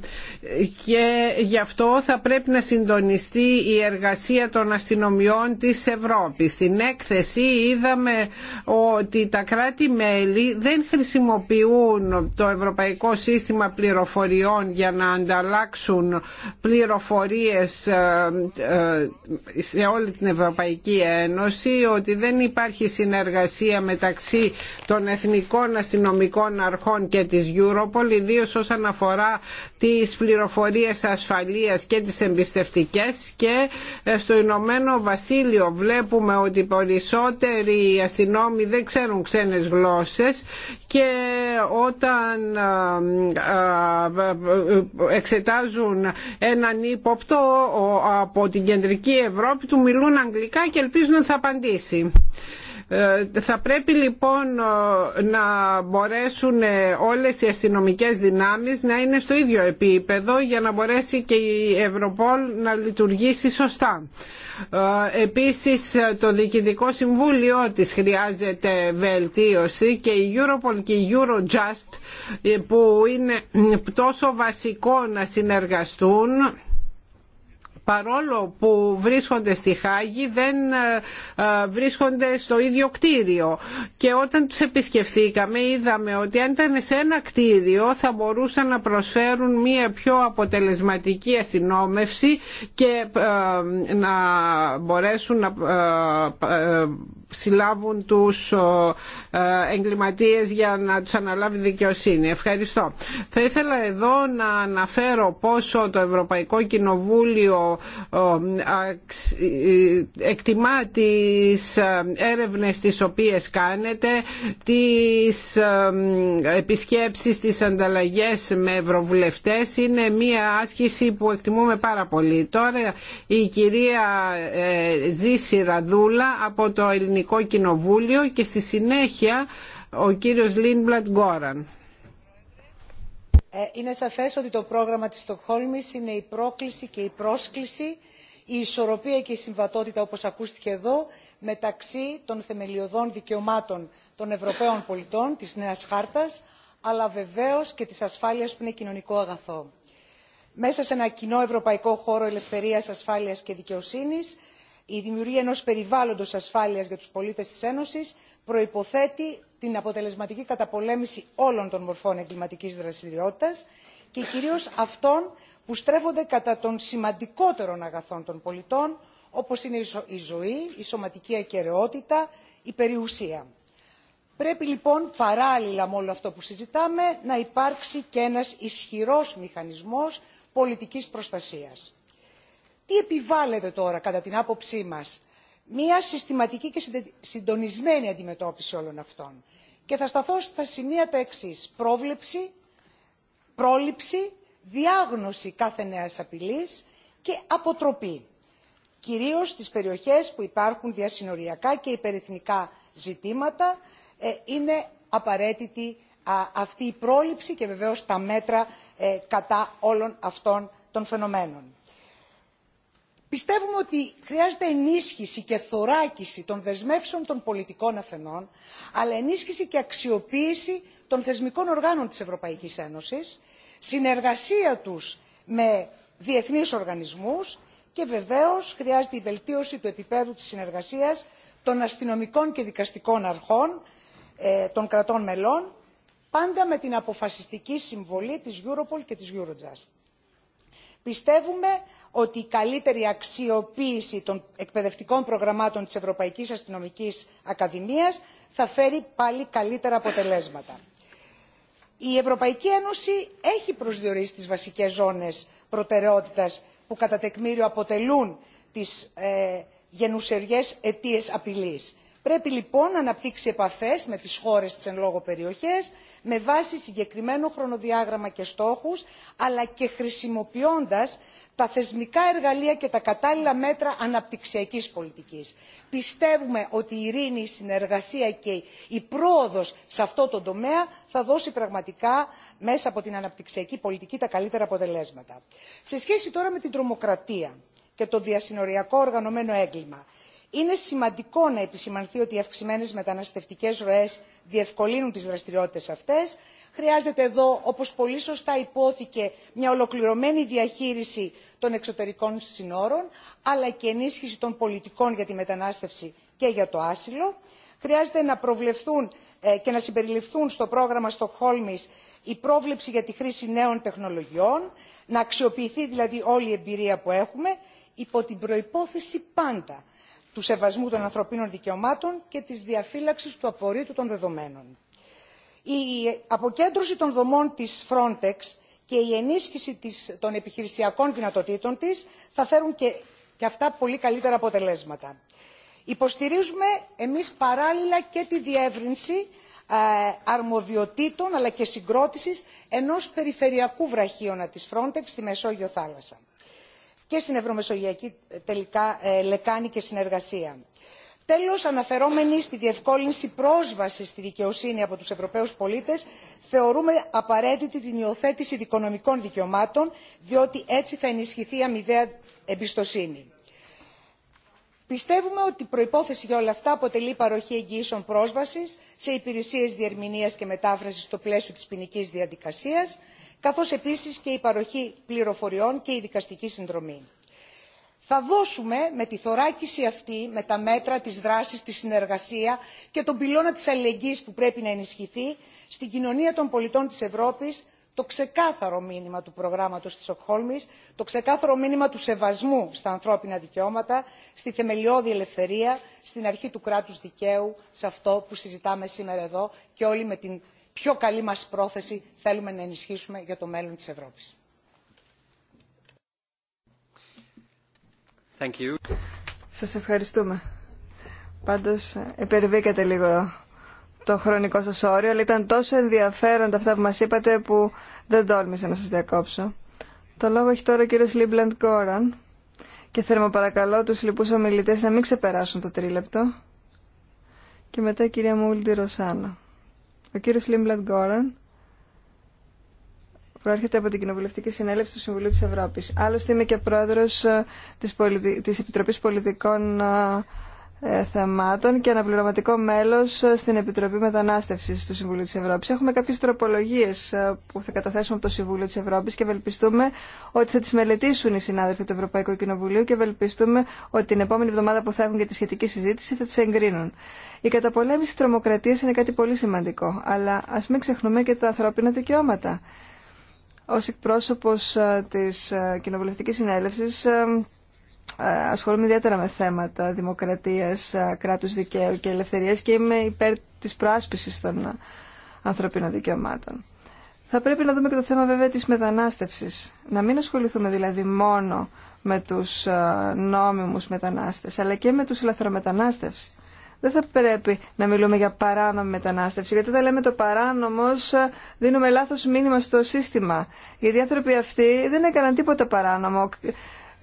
S3: και γι' αυτό θα πρέπει να συντονιστεί η εργασία των αστυνομιών της Ευρώπης. Στην έκθεση είδαμε ότι τα κράτη-μέλη δεν χρησιμοποιούν το Ευρωπαϊκό Σύστημα Πληροφοριών για να ανταλλάξουν πληροφορίες ε, ε, σε όλη την Ευρωπαϊκή Ένωση, ότι δεν υπάρχει συνεργασία μεταξύ των εθνικών αστυνομικών αρχών και της Europol, ιδίω όσον αφορά τις πληροφορίες ασφαλείας και τις εμπιστευτικές και στο Ηνωμένο Βασίλειο βλέπουμε ότι περισσότεροι νόμοι δεν ξέρουν ξένες γλώσσες και όταν εξετάζουν έναν ύποπτο από την κεντρική Ευρώπη του μιλούν αγγλικά και ελπίζουν ότι θα απαντήσει. Ε, θα πρέπει λοιπόν να μπορέσουν όλες οι αστυνομικές δυνάμεις να είναι στο ίδιο επίπεδο για να μπορέσει και η Ευρωπόλ να λειτουργήσει σωστά. Ε, επίσης ε, το Διοικητικό Συμβούλιο της χρειάζεται βελτίωση και η Europol και η Eurojust ε, που είναι τόσο βασικό να συνεργαστούν παρόλο που βρίσκονται στη Χάγη δεν ε, ε, βρίσκονται στο ίδιο κτίριο και όταν τους επισκεφθήκαμε είδαμε ότι αν ήταν σε ένα κτίριο θα μπορούσαν να προσφέρουν μια πιο αποτελεσματική αστυνόμευση και ε, να μπορέσουν να συλλάβουν τους ε, εγκληματίες για να τους αναλάβει δικαιοσύνη. Ευχαριστώ. Θα ήθελα εδώ να αναφέρω πόσο το Ευρωπαϊκό Κοινοβούλιο ε, εκτιμά τις ε, έρευνες τις οποίες κάνετε, τις επισκέψεις, τις ανταλλαγές με ευρωβουλευτές. Είναι μία άσκηση που εκτιμούμε πάρα πολύ. Τώρα η κυρία Ζήση Ραδούλα από το Ελληνικό Ελληνικό Κοινοβούλιο και στη συνέχεια ο κύριος Λίνμπλατ Γκόραν.
S4: Ε, είναι σαφές ότι το πρόγραμμα της Στοκχόλμης είναι η πρόκληση και η πρόσκληση, η ισορροπία και η συμβατότητα όπως ακούστηκε εδώ μεταξύ των θεμελιωδών δικαιωμάτων των Ευρωπαίων πολιτών, της Νέας Χάρτας, αλλά βεβαίως και της ασφάλειας που είναι κοινωνικό αγαθό. Μέσα σε ένα κοινό ευρωπαϊκό χώρο ελευθερίας, ασφάλειας και δικαιοσύνης η δημιουργία ενός περιβάλλοντος ασφάλειας για τους πολίτες της ένωσης προϋποθέτει την αποτελεσματική καταπολέμηση όλων των μορφών εγκληματικής δραστηριότητας και κυρίως αυτών που στρέφονται κατά των σημαντικότερων αγαθών των πολιτών όπως είναι η ζωή η σωματική ακεραιότητα η περιουσία. πρέπει λοιπόν παράλληλα με όλο αυτό που συζητάμε να υπάρξει και ένας ισχυρός μηχανισμός πολιτικής προστασίας τι επιβάλλεται τώρα κατά την άποψή μας μια συστηματική και συντονισμένη αντιμετώπιση όλων αυτών και θα σταθώ στα σημεία τα εξή πρόβλεψη πρόληψη διάγνωση κάθε νέας απειλής και αποτροπή κυρίως στις περιοχές που υπάρχουν διασυνοριακά και υπερεθνικά ζητήματα ε, είναι απαραίτητη αυτή η πρόληψη και βεβαίως τα μέτρα ε, κατά όλων αυτών των φαινομένων πιστεύουμε ότι χρειάζεται ενίσχυση και θωράκιση των δεσμεύσεων των πολιτικών αθενών αλλά ενίσχυση και αξιοποίηση των θεσμικών οργάνων της ευρωπαϊκής ένωσης συνεργασία τους με διεθνείς οργανισμούς και βεβαίως χρειάζεται η βελτίωση του επίπεδου της συνεργασίας των αστυνομικών και δικαστικών αρχών ε, των κρατών μελών πάντα με την αποφασιστική συμβολή της europol και της eurojust. πιστεύουμε ότι η καλύτερη αξιοποίηση των εκπαιδευτικών προγραμμάτων της Ευρωπαϊκής Αστυνομικής Ακαδημίας θα φέρει πάλι καλύτερα αποτελέσματα. Η Ευρωπαϊκή Ένωση έχει προσδιορίσει τις βασικές ζώνες προτεραιότητας που κατά τεκμήριο αποτελούν τις ε, γενουσεριές αιτίες απειλής πρέπει λοιπόν να αναπτύξει επαφές με τις χώρες της εν λόγω περιοχές με βάση συγκεκριμένο χρονοδιάγραμμα και στόχους αλλά και χρησιμοποιώντας τα θεσμικά εργαλεία και τα κατάλληλα μέτρα αναπτυξιακής πολιτικής. πιστεύουμε ότι η ειρήνη η συνεργασία και η πρόοδος σε αυτό το τομέα θα δώσει πραγματικά μέσα από την αναπτυξιακή πολιτική τα καλύτερα αποτελέσματα. σε σχέση τώρα με την τρομοκρατία και το διασυνοριακό οργανωμένο έγκλημα είναι σημαντικό να επισημανθεί ότι οι αυξημένε μεταναστευτικέ ροέ διευκολύνουν τι δραστηριότητε αυτέ. Χρειάζεται εδώ, όπω πολύ σωστά υπόθηκε, μια ολοκληρωμένη διαχείριση των εξωτερικών συνόρων, αλλά και ενίσχυση των πολιτικών για τη μετανάστευση και για το άσυλο. Χρειάζεται να προβλεφθούν ε, και να συμπεριληφθούν στο πρόγραμμα Στοκχόλμη η πρόβλεψη για τη χρήση νέων τεχνολογιών, να αξιοποιηθεί δηλαδή όλη η εμπειρία που έχουμε, υπό την προπόθεση πάντα του σεβασμού των ανθρωπίνων δικαιωμάτων και της διαφύλαξης του απορρίτου των δεδομένων. Η αποκέντρωση των δομών της Frontex και η ενίσχυση των επιχειρησιακών δυνατοτήτων της θα φέρουν και, αυτά πολύ καλύτερα αποτελέσματα. Υποστηρίζουμε εμείς παράλληλα και τη διεύρυνση ε, αρμοδιοτήτων αλλά και συγκρότησης ενός περιφερειακού βραχίωνα της Frontex στη Μεσόγειο θάλασσα και στην ευρωμεσογειακή ε, τελικά ε, λεκάνη και συνεργασία. Τέλος, αναφερόμενοι στη διευκόλυνση πρόσβασης στη δικαιοσύνη από τους Ευρωπαίους πολίτες, θεωρούμε απαραίτητη την υιοθέτηση δικονομικών δικαιωμάτων, διότι έτσι θα ενισχυθεί η αμοιβαία εμπιστοσύνη. Πιστεύουμε ότι η προϋπόθεση για όλα αυτά αποτελεί παροχή εγγυήσεων πρόσβασης σε υπηρεσίες διερμηνίας και μετάφρασης στο πλαίσιο της ποινική διαδικασίας, καθώς επίσης και η παροχή πληροφοριών και η δικαστική συνδρομή. Θα δώσουμε με τη θωράκιση αυτή, με τα μέτρα τις δράσεις, τη συνεργασία και τον πυλώνα της αλληλεγγύης που πρέπει να ενισχυθεί, στην κοινωνία των πολιτών της Ευρώπης το ξεκάθαρο μήνυμα του προγράμματος της Οκχόλμης, το ξεκάθαρο μήνυμα του σεβασμού στα ανθρώπινα δικαιώματα, στη θεμελιώδη ελευθερία, στην αρχή του κράτους δικαίου, σε αυτό που συζητάμε σήμερα εδώ και όλοι με την πιο καλή μας πρόθεση θέλουμε να ενισχύσουμε για το μέλλον της Ευρώπης. Thank you.
S2: Σας ευχαριστούμε. Πάντως υπερβήκατε λίγο το χρονικό σας όριο, αλλά ήταν τόσο ενδιαφέροντα αυτά που μας είπατε που δεν τόλμησα να σας διακόψω. Το λόγο έχει τώρα ο κύριος Λίμπλαντ Κόραν και θέλω παρακαλώ τους λοιπούς ομιλητές να μην ξεπεράσουν το τρίλεπτο και μετά η κυρία Μούλτι Ρωσάνα. Ο κύριος Λίμπλαντ Γκόραν προέρχεται από την Κοινοβουλευτική Συνέλευση του Συμβουλίου της Ευρώπης. Άλλωστε είμαι και πρόεδρος ε, της, Επιτροπής Πολιτικών ε, ε, θεμάτων και αναπληρωματικό μέλος ε, στην Επιτροπή Μετανάστευσης του Συμβουλίου της Ευρώπης. Έχουμε κάποιες τροπολογίες ε, που θα καταθέσουμε από το Συμβούλιο της Ευρώπης και ευελπιστούμε ότι θα τις μελετήσουν οι συνάδελφοι του Ευρωπαϊκού Κοινοβουλίου και ευελπιστούμε ότι την επόμενη εβδομάδα που θα έχουν και τη σχετική συζήτηση θα τις εγκρίνουν. Η καταπολέμηση της τρομοκρατίας είναι κάτι πολύ σημαντικό, αλλά ας μην ξεχνούμε και τα ανθρώπινα δικαιώματα. Ως εκπρόσωπος της Κοινοβουλευτικής Συνέλευσης ε, ασχολούμαι ιδιαίτερα με θέματα δημοκρατίας, ε, κράτους δικαίου και ελευθερίας και είμαι υπέρ της προάσπισης των ανθρωπίνων δικαιωμάτων. Θα πρέπει να δούμε και το θέμα βέβαια της μετανάστευσης. Να μην ασχοληθούμε δηλαδή μόνο με τους ε, νόμιμους μετανάστες, αλλά και με τους λαθρομετανάστευση. Δεν θα πρέπει να μιλούμε για παράνομη μετανάστευση, γιατί όταν λέμε το παράνομος δίνουμε λάθος μήνυμα στο σύστημα. Γιατί οι άνθρωποι αυτοί δεν έκαναν τίποτα παράνομο.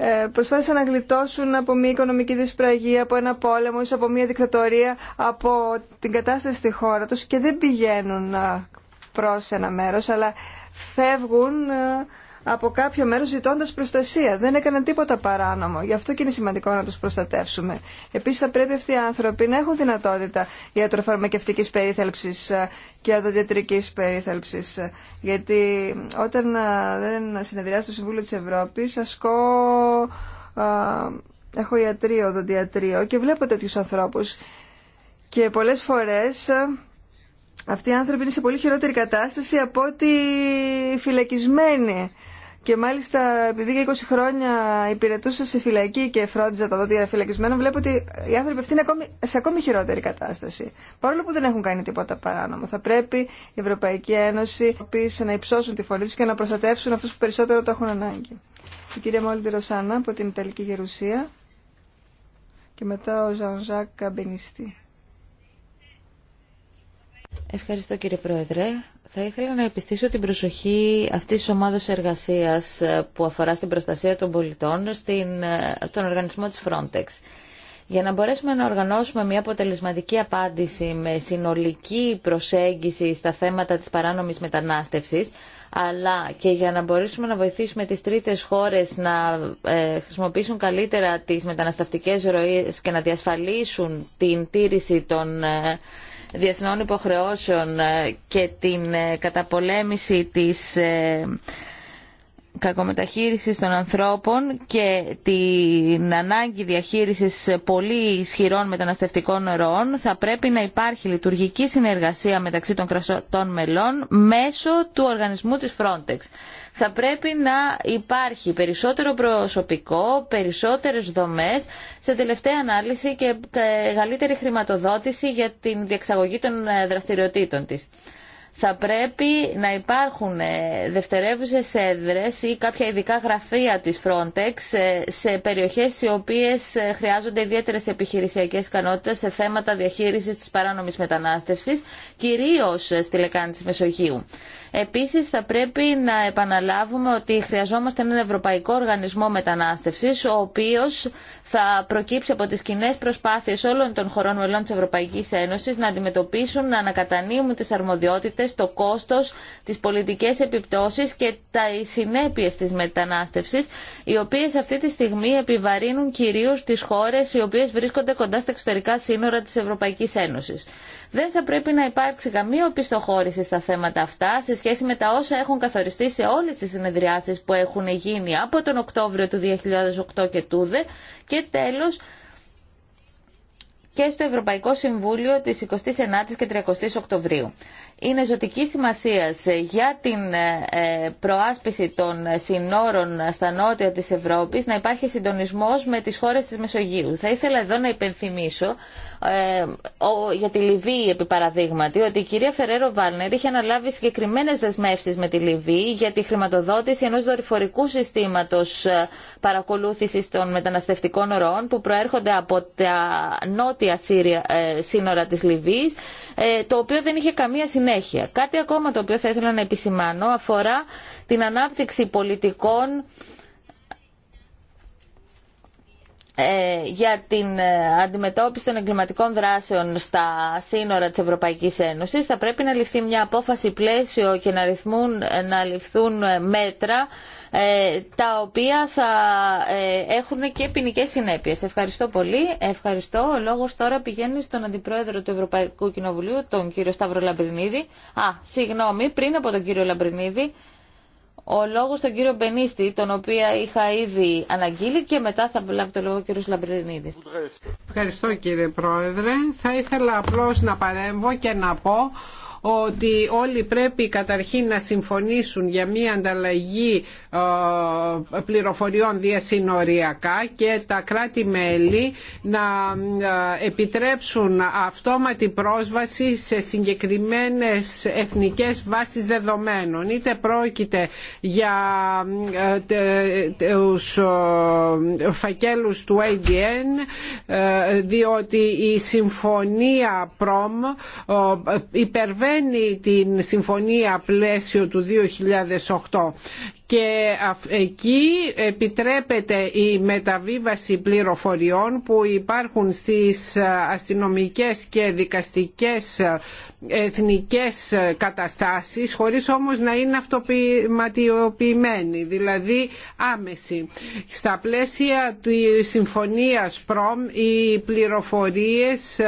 S2: Ε, προσπάθησαν να γλιτώσουν από μια οικονομική δυσπραγία, από ένα πόλεμο ή από μια δικτατορία, από την κατάσταση στη χώρα τους και δεν πηγαίνουν ε, προς ένα μέρος, αλλά φεύγουν ε, από κάποιο μέρο ζητώντα προστασία. Δεν έκαναν τίποτα παράνομο. Γι' αυτό και είναι σημαντικό να του προστατεύσουμε. Επίση, θα πρέπει αυτοί οι άνθρωποι να έχουν δυνατότητα ιατροφαρμακευτική περίθαλψη ε, και οδοντιατρική περίθαλψη. Ε, γιατί όταν ε, δεν συνεδριάζω στο Συμβούλιο τη Ευρώπη, ασκώ. Έχω ιατρείο, οδοντιατρείο και βλέπω τέτοιου ανθρώπου. Και πολλές φορές αυτοί οι άνθρωποι είναι σε πολύ χειρότερη κατάσταση από ότι φυλακισμένοι. Και μάλιστα επειδή για 20 χρόνια υπηρετούσα σε φυλακή και φρόντιζα τα δόντια φυλακισμένων, βλέπω ότι οι άνθρωποι αυτοί είναι σε ακόμη χειρότερη κατάσταση. Παρόλο που δεν έχουν κάνει τίποτα παράνομο. Θα πρέπει η Ευρωπαϊκή Ένωση να υψώσουν τη φωνή του και να προστατεύσουν αυτού που περισσότερο το έχουν ανάγκη. Η κυρία Μόλντι Ρωσάνα από την Ιταλική Γερουσία και μετά ο Ζανζάκ Καμπενιστή.
S1: Ευχαριστώ κύριε Πρόεδρε. Θα ήθελα να επιστήσω την προσοχή αυτής της ομάδας εργασίας ε, που αφορά στην προστασία των πολιτών στην, ε, στον οργανισμό της Frontex. Για να μπορέσουμε να οργανώσουμε μια αποτελεσματική απάντηση με συνολική προσέγγιση στα θέματα της παράνομης μετανάστευσης, αλλά και για να μπορέσουμε να βοηθήσουμε τις τρίτες χώρες να ε, χρησιμοποιήσουν καλύτερα τις μεταναστευτικές ροές και να διασφαλίσουν την τήρηση των διεθνών υποχρεώσεων ε, και την ε, καταπολέμηση της ε, κακομεταχείρισης των ανθρώπων και την ανάγκη διαχείρισης πολύ ισχυρών μεταναστευτικών ροών θα πρέπει να υπάρχει λειτουργική συνεργασία μεταξύ των κρατών μελών μέσω του οργανισμού της Frontex θα πρέπει να υπάρχει περισσότερο προσωπικό, περισσότερες δομές, σε τελευταία ανάλυση και μεγαλύτερη χρηματοδότηση για την διεξαγωγή των ε, δραστηριοτήτων της θα πρέπει να υπάρχουν ε, δευτερεύουσες έδρες ή κάποια ειδικά γραφεία της Frontex ε, σε περιοχές οι οποίες ε, χρειάζονται ιδιαίτερες επιχειρησιακές ικανότητες σε θέματα διαχείρισης της παράνομης μετανάστευσης, κυρίως στη λεκάνη της Μεσογείου. Επίσης θα πρέπει να επαναλάβουμε ότι χρειαζόμαστε έναν Ευρωπαϊκό Οργανισμό Μετανάστευσης ο οποίος θα προκύψει από τις κοινέ προσπάθειες όλων των χωρών μελών της Ευρωπαϊκής Ένωσης να αντιμετωπίσουν, να τις αρμοδιότητες στο το κόστος, τις πολιτικές επιπτώσεις και τα συνέπειες της μετανάστευσης, οι οποίες αυτή τη στιγμή επιβαρύνουν κυρίως τις χώρες οι οποίες βρίσκονται κοντά στα εξωτερικά σύνορα της Ευρωπαϊκής Ένωσης. Δεν θα πρέπει να υπάρξει καμία οπισθοχώρηση στα θέματα αυτά σε σχέση με τα όσα έχουν καθοριστεί σε όλες τις συνεδριάσεις που έχουν γίνει από τον Οκτώβριο του 2008 και τούδε και τέλος και στο Ευρωπαϊκό Συμβούλιο της 29ης και 30ης Οκτωβρίου είναι ζωτική σημασία για την ε, ε, προάσπιση των συνόρων στα νότια της Ευρώπης να υπάρχει συντονισμός με τις χώρες της Μεσογείου. Θα ήθελα εδώ να υπενθυμίσω ε, για τη Λιβύη επί παραδείγματι ότι η κυρία Φεραίρο Βάλνερ είχε αναλάβει συγκεκριμένε δεσμεύσει με τη Λιβύη για τη χρηματοδότηση ενό δορυφορικού συστήματο ε, παρακολούθηση των μεταναστευτικών ροών που προέρχονται από τα νότια Σύρια, ε, σύνορα τη Λιβύη, το οποίο δεν είχε καμία συνέχεια. Κάτι ακόμα το οποίο θα ήθελα να επισημάνω αφορά την ανάπτυξη πολιτικών ε, για την ε, αντιμετώπιση των εγκληματικών δράσεων στα σύνορα της Ευρωπαϊκής Ένωσης θα πρέπει να ληφθεί μια απόφαση πλαίσιο και να, ρυθμούν, ε, να ληφθούν μέτρα τα οποία θα έχουν και ποινικέ συνέπειες. Ευχαριστώ πολύ. Ευχαριστώ. Ο λόγος τώρα πηγαίνει στον Αντιπρόεδρο του Ευρωπαϊκού Κοινοβουλίου, τον κύριο Σταύρο Λαμπρινίδη. Α, συγγνώμη, πριν από τον κύριο Λαμπρινίδη, ο λόγο στον κύριο Μπενίστη, τον οποίο είχα ήδη αναγγείλει και μετά θα λάβει το λόγο ο κύριο Λαμπρινίδη.
S3: Ευχαριστώ κύριε Πρόεδρε. Θα ήθελα απλώ να παρέμβω και να πω ότι όλοι πρέπει καταρχήν να συμφωνήσουν για μια ανταλλαγή ε, πληροφοριών διασυνοριακά και τα κράτη-μέλη να ε, επιτρέψουν αυτόματη πρόσβαση σε συγκεκριμένες εθνικές βάσεις δεδομένων. Είτε πρόκειται για ε, τους φακέλους του ADN διότι η συμφωνία PROM υπερβαίνει επαναλαμβάνει την συμφωνία πλαίσιο του 2008 και εκεί επιτρέπεται η μεταβίβαση πληροφοριών που υπάρχουν στις ε, αστυνομικές και δικαστικές ε, εθνικές ε, καταστάσεις χωρίς όμως να είναι αυτοματιοποιημένη, δηλαδή άμεση. Στα πλαίσια της συμφωνίας ΠΡΟΜ οι πληροφορίες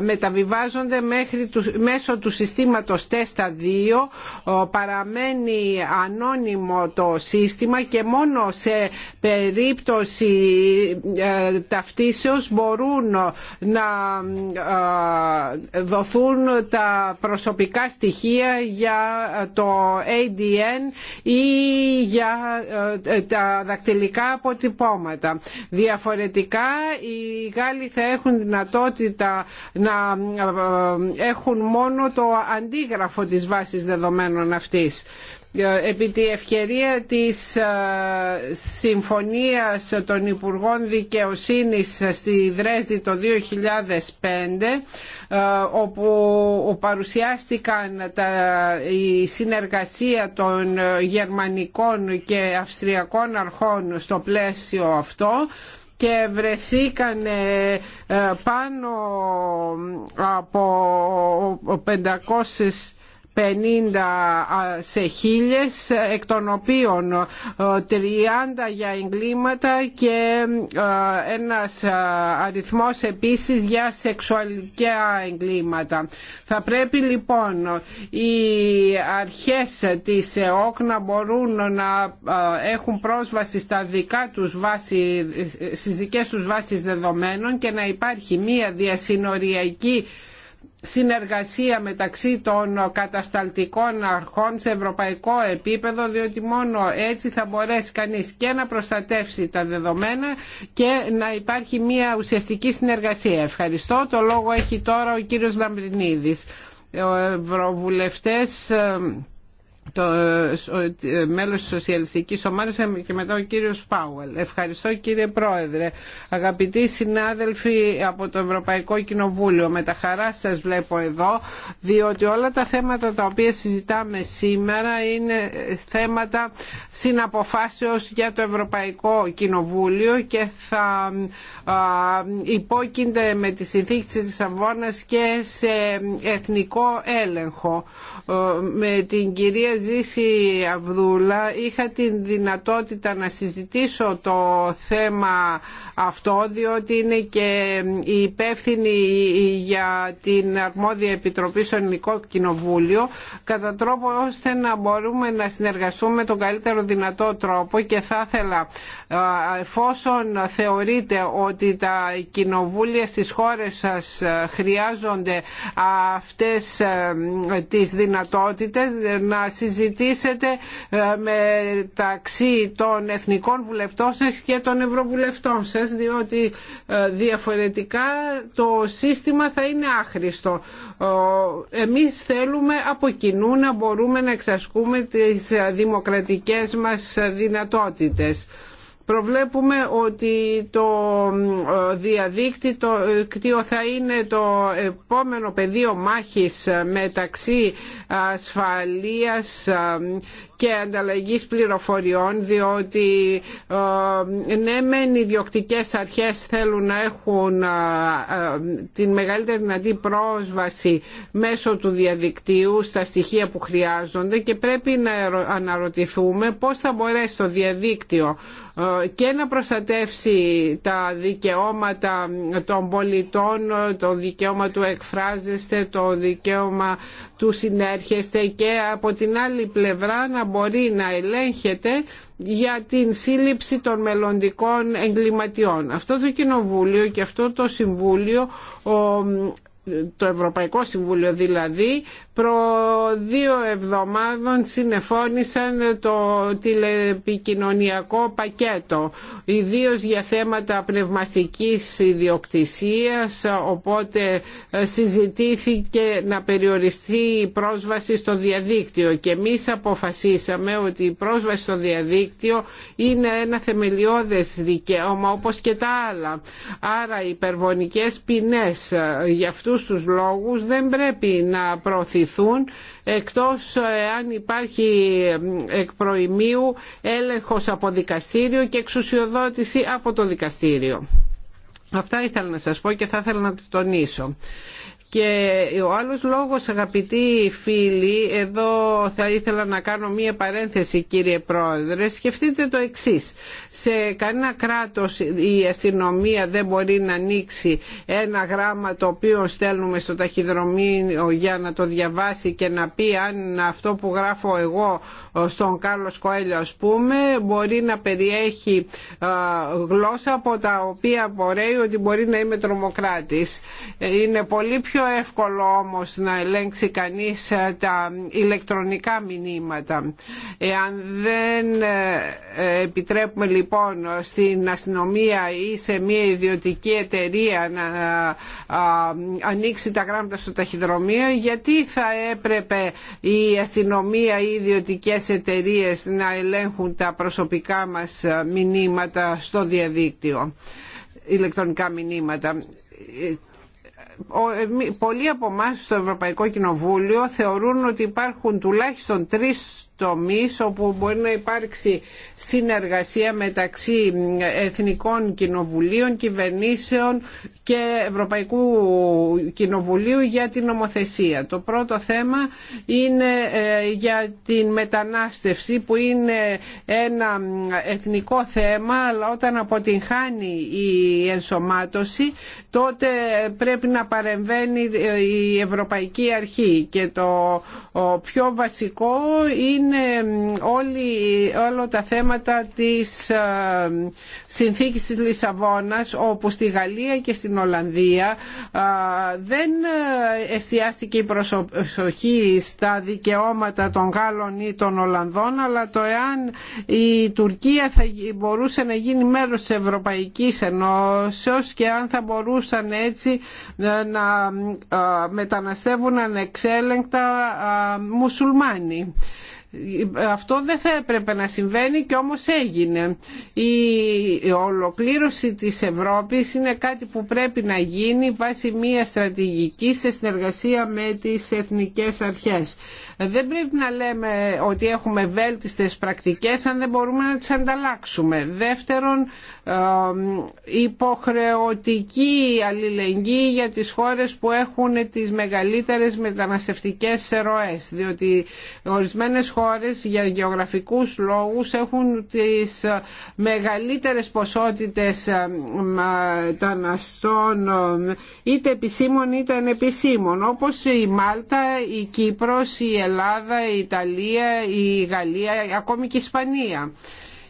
S3: μεταβιβάζονται μέχρι, μέσω του συστήματος ΤΕΣΤΑ 2 παραμένει ανώνυμη το σύστημα και μόνο σε περίπτωση ε, ταυτίσεως μπορούν να ε, δοθούν τα προσωπικά στοιχεία για το ADN ή για ε, τα δακτυλικά αποτυπώματα. Διαφορετικά οι Γάλλοι θα έχουν δυνατότητα να έχουν μόνο το αντίγραφο της βάσης δεδομένων αυτής επί τη ευκαιρία της συμφωνίας των Υπουργών Δικαιοσύνης στη Δρέσδη το 2005 όπου παρουσιάστηκαν η συνεργασία των γερμανικών και αυστριακών αρχών στο πλαίσιο αυτό και βρεθήκαν πάνω από 500 50 σε χίλιες εκ των οποίων 30 για εγκλήματα και ένας αριθμός επίσης για σεξουαλικά εγκλήματα. Θα πρέπει λοιπόν οι αρχές της ΕΟΚ να μπορούν να έχουν πρόσβαση στα δικά τους βάση, στις δικές τους βάσεις δεδομένων και να υπάρχει μία διασυνοριακή συνεργασία μεταξύ των κατασταλτικών αρχών σε ευρωπαϊκό επίπεδο διότι μόνο έτσι θα μπορέσει κανείς και να προστατεύσει τα δεδομένα και να υπάρχει μια ουσιαστική συνεργασία. Ευχαριστώ. Το λόγο έχει τώρα ο κύριος Λαμπρινίδης. Ευρωβουλευτές ε, το ε, μέλος της Σοσιαλιστικής Ομάδας και μετά ο κύριος Πάουελ. Ευχαριστώ κύριε Πρόεδρε. Αγαπητοί συνάδελφοι από το Ευρωπαϊκό Κοινοβούλιο, με τα χαρά σας βλέπω εδώ, διότι όλα τα θέματα τα οποία συζητάμε σήμερα είναι θέματα συναποφάσεως για το Ευρωπαϊκό Κοινοβούλιο και θα υπόκεινται με τη συνθήκη της Λισαβόνας και σε εθνικό έλεγχο. Ε, με την κυρία ζήσει Ζήση Αβδούλα είχα την δυνατότητα να συζητήσω το θέμα αυτό διότι είναι και η υπεύθυνη για την αρμόδια επιτροπή στο Ελληνικό Κοινοβούλιο κατά τρόπο ώστε να μπορούμε να συνεργαστούμε με τον καλύτερο δυνατό τρόπο και θα ήθελα εφόσον θεωρείτε ότι τα κοινοβούλια στις χώρες σας χρειάζονται αυτές ε, τις δυνατότητες να συζητήσετε ε, μεταξύ των εθνικών βουλευτών σας και των ευρωβουλευτών σας διότι ε, διαφορετικά το σύστημα θα είναι άχρηστο. Εμείς θέλουμε από κοινού να μπορούμε να εξασκούμε τις ε, δημοκρατικές μας δυνατότητες προβλέπουμε ότι το ε, διαδίκτυο θα είναι το επόμενο πεδίο μάχης μεταξύ ασφαλείας ε, και ανταλλαγής πληροφοριών διότι ε, ναι μεν οι διοκτικές αρχές θέλουν να έχουν ε, την μεγαλύτερη δυνατή πρόσβαση μέσω του διαδικτύου στα στοιχεία που χρειάζονται και πρέπει να αναρωτηθούμε πώς θα μπορέσει το διαδίκτυο και να προστατεύσει τα δικαιώματα των πολιτών, το δικαίωμα του εκφράζεστε, το δικαίωμα του έρχεστε και από την άλλη πλευρά να μπορεί να ελέγχεται για την σύλληψη των μελλοντικών εγκληματιών. Αυτό το Κοινοβούλιο και αυτό το Συμβούλιο το Ευρωπαϊκό Συμβούλιο δηλαδή Προ δύο εβδομάδων συνεφώνησαν το τηλεπικοινωνιακό πακέτο, ιδίως για θέματα πνευματικής ιδιοκτησίας, οπότε συζητήθηκε να περιοριστεί η πρόσβαση στο διαδίκτυο και εμείς αποφασίσαμε ότι η πρόσβαση στο διαδίκτυο είναι ένα θεμελιώδες δικαίωμα όπως και τα άλλα. Άρα οι υπερβονικές ποινές ε, για αυτούς τους λόγους δεν πρέπει να προωθηθούν ασκηθούν εκτός ε, αν υπάρχει εκ προημίου έλεγχος από δικαστήριο και εξουσιοδότηση από το δικαστήριο. Αυτά ήθελα να σας πω και θα ήθελα να το τονίσω. Και ο άλλος λόγος αγαπητοί φίλοι, εδώ θα ήθελα να κάνω μία παρένθεση κύριε Πρόεδρε, σκεφτείτε το εξής. Σε κανένα κράτος η αστυνομία δεν μπορεί να ανοίξει ένα γράμμα το οποίο στέλνουμε στο ταχυδρομείο για να το διαβάσει και να πει αν αυτό που γράφω εγώ στον Κάρλος Κοέλιο ας πούμε μπορεί να περιέχει γλώσσα από τα οποία απορρέει ότι μπορεί να είμαι τρομοκράτης. Ε, είναι πολύ πιο πιο εύκολο όμως να ελέγξει κανείς ε, τα ηλεκτρονικά μηνύματα. Εάν δεν ε, ε, επιτρέπουμε λοιπόν στην αστυνομία ή σε μια ιδιωτική εταιρεία να ανοίξει τα γράμματα στο ταχυδρομείο, γιατί θα έπρεπε η αστυνομία ή οι ιδιωτικές εταιρείες να ελέγχουν τα προσωπικά μας μηνύματα στο διαδίκτυο ηλεκτρονικά μηνύματα ε, πολλοί από εμά στο Ευρωπαϊκό Κοινοβούλιο θεωρούν ότι υπάρχουν τουλάχιστον τρεις τομείς όπου μπορεί να υπάρξει συνεργασία μεταξύ εθνικών κοινοβουλίων, κυβερνήσεων και Ευρωπαϊκού Κοινοβουλίου για την νομοθεσία. Το πρώτο θέμα είναι ε, για την μετανάστευση που είναι ένα εθνικό θέμα αλλά όταν αποτυγχάνει η ενσωμάτωση τότε πρέπει να παρεμβαίνει η Ευρωπαϊκή Αρχή και το πιο βασικό είναι είναι όλη, όλα τα θέματα της ε, συνθήκης της Λισαβόνας όπου στη Γαλλία και στην Ολλανδία ε, δεν ε, εστιάστηκε η προσοχή στα δικαιώματα των Γάλλων ή των Ολλανδών αλλά το εάν η Τουρκία θα μπορούσε να γίνει μέλος της Ευρωπαϊκής Ενώσεως και αν θα μπορούσαν έτσι να μεταναστεύουν ανεξέλεγκτα μουσουλμάνοι. Αυτό δεν θα έπρεπε να συμβαίνει και όμως έγινε. Η ολοκλήρωση της Ευρώπης είναι κάτι που πρέπει να γίνει βάσει μια στρατηγική σε συνεργασία με τις εθνικές αρχές. Δεν πρέπει να λέμε ότι έχουμε βέλτιστες πρακτικές αν δεν μπορούμε να τις ανταλλάξουμε. Δεύτερον, υποχρεωτική αλληλεγγύη για τις χώρες που έχουν τις μεγαλύτερες μεταναστευτικές ροές, διότι ορισμένες χώρες για γεωγραφικούς λόγους έχουν τις μεγαλύτερες ποσότητες ε, μεταναστών ε, είτε επισήμων είτε ανεπισήμων όπως η Μάλτα, η Κύπρος, η Ελλάδα, η Ιταλία, η Γαλλία, ακόμη και η Ισπανία.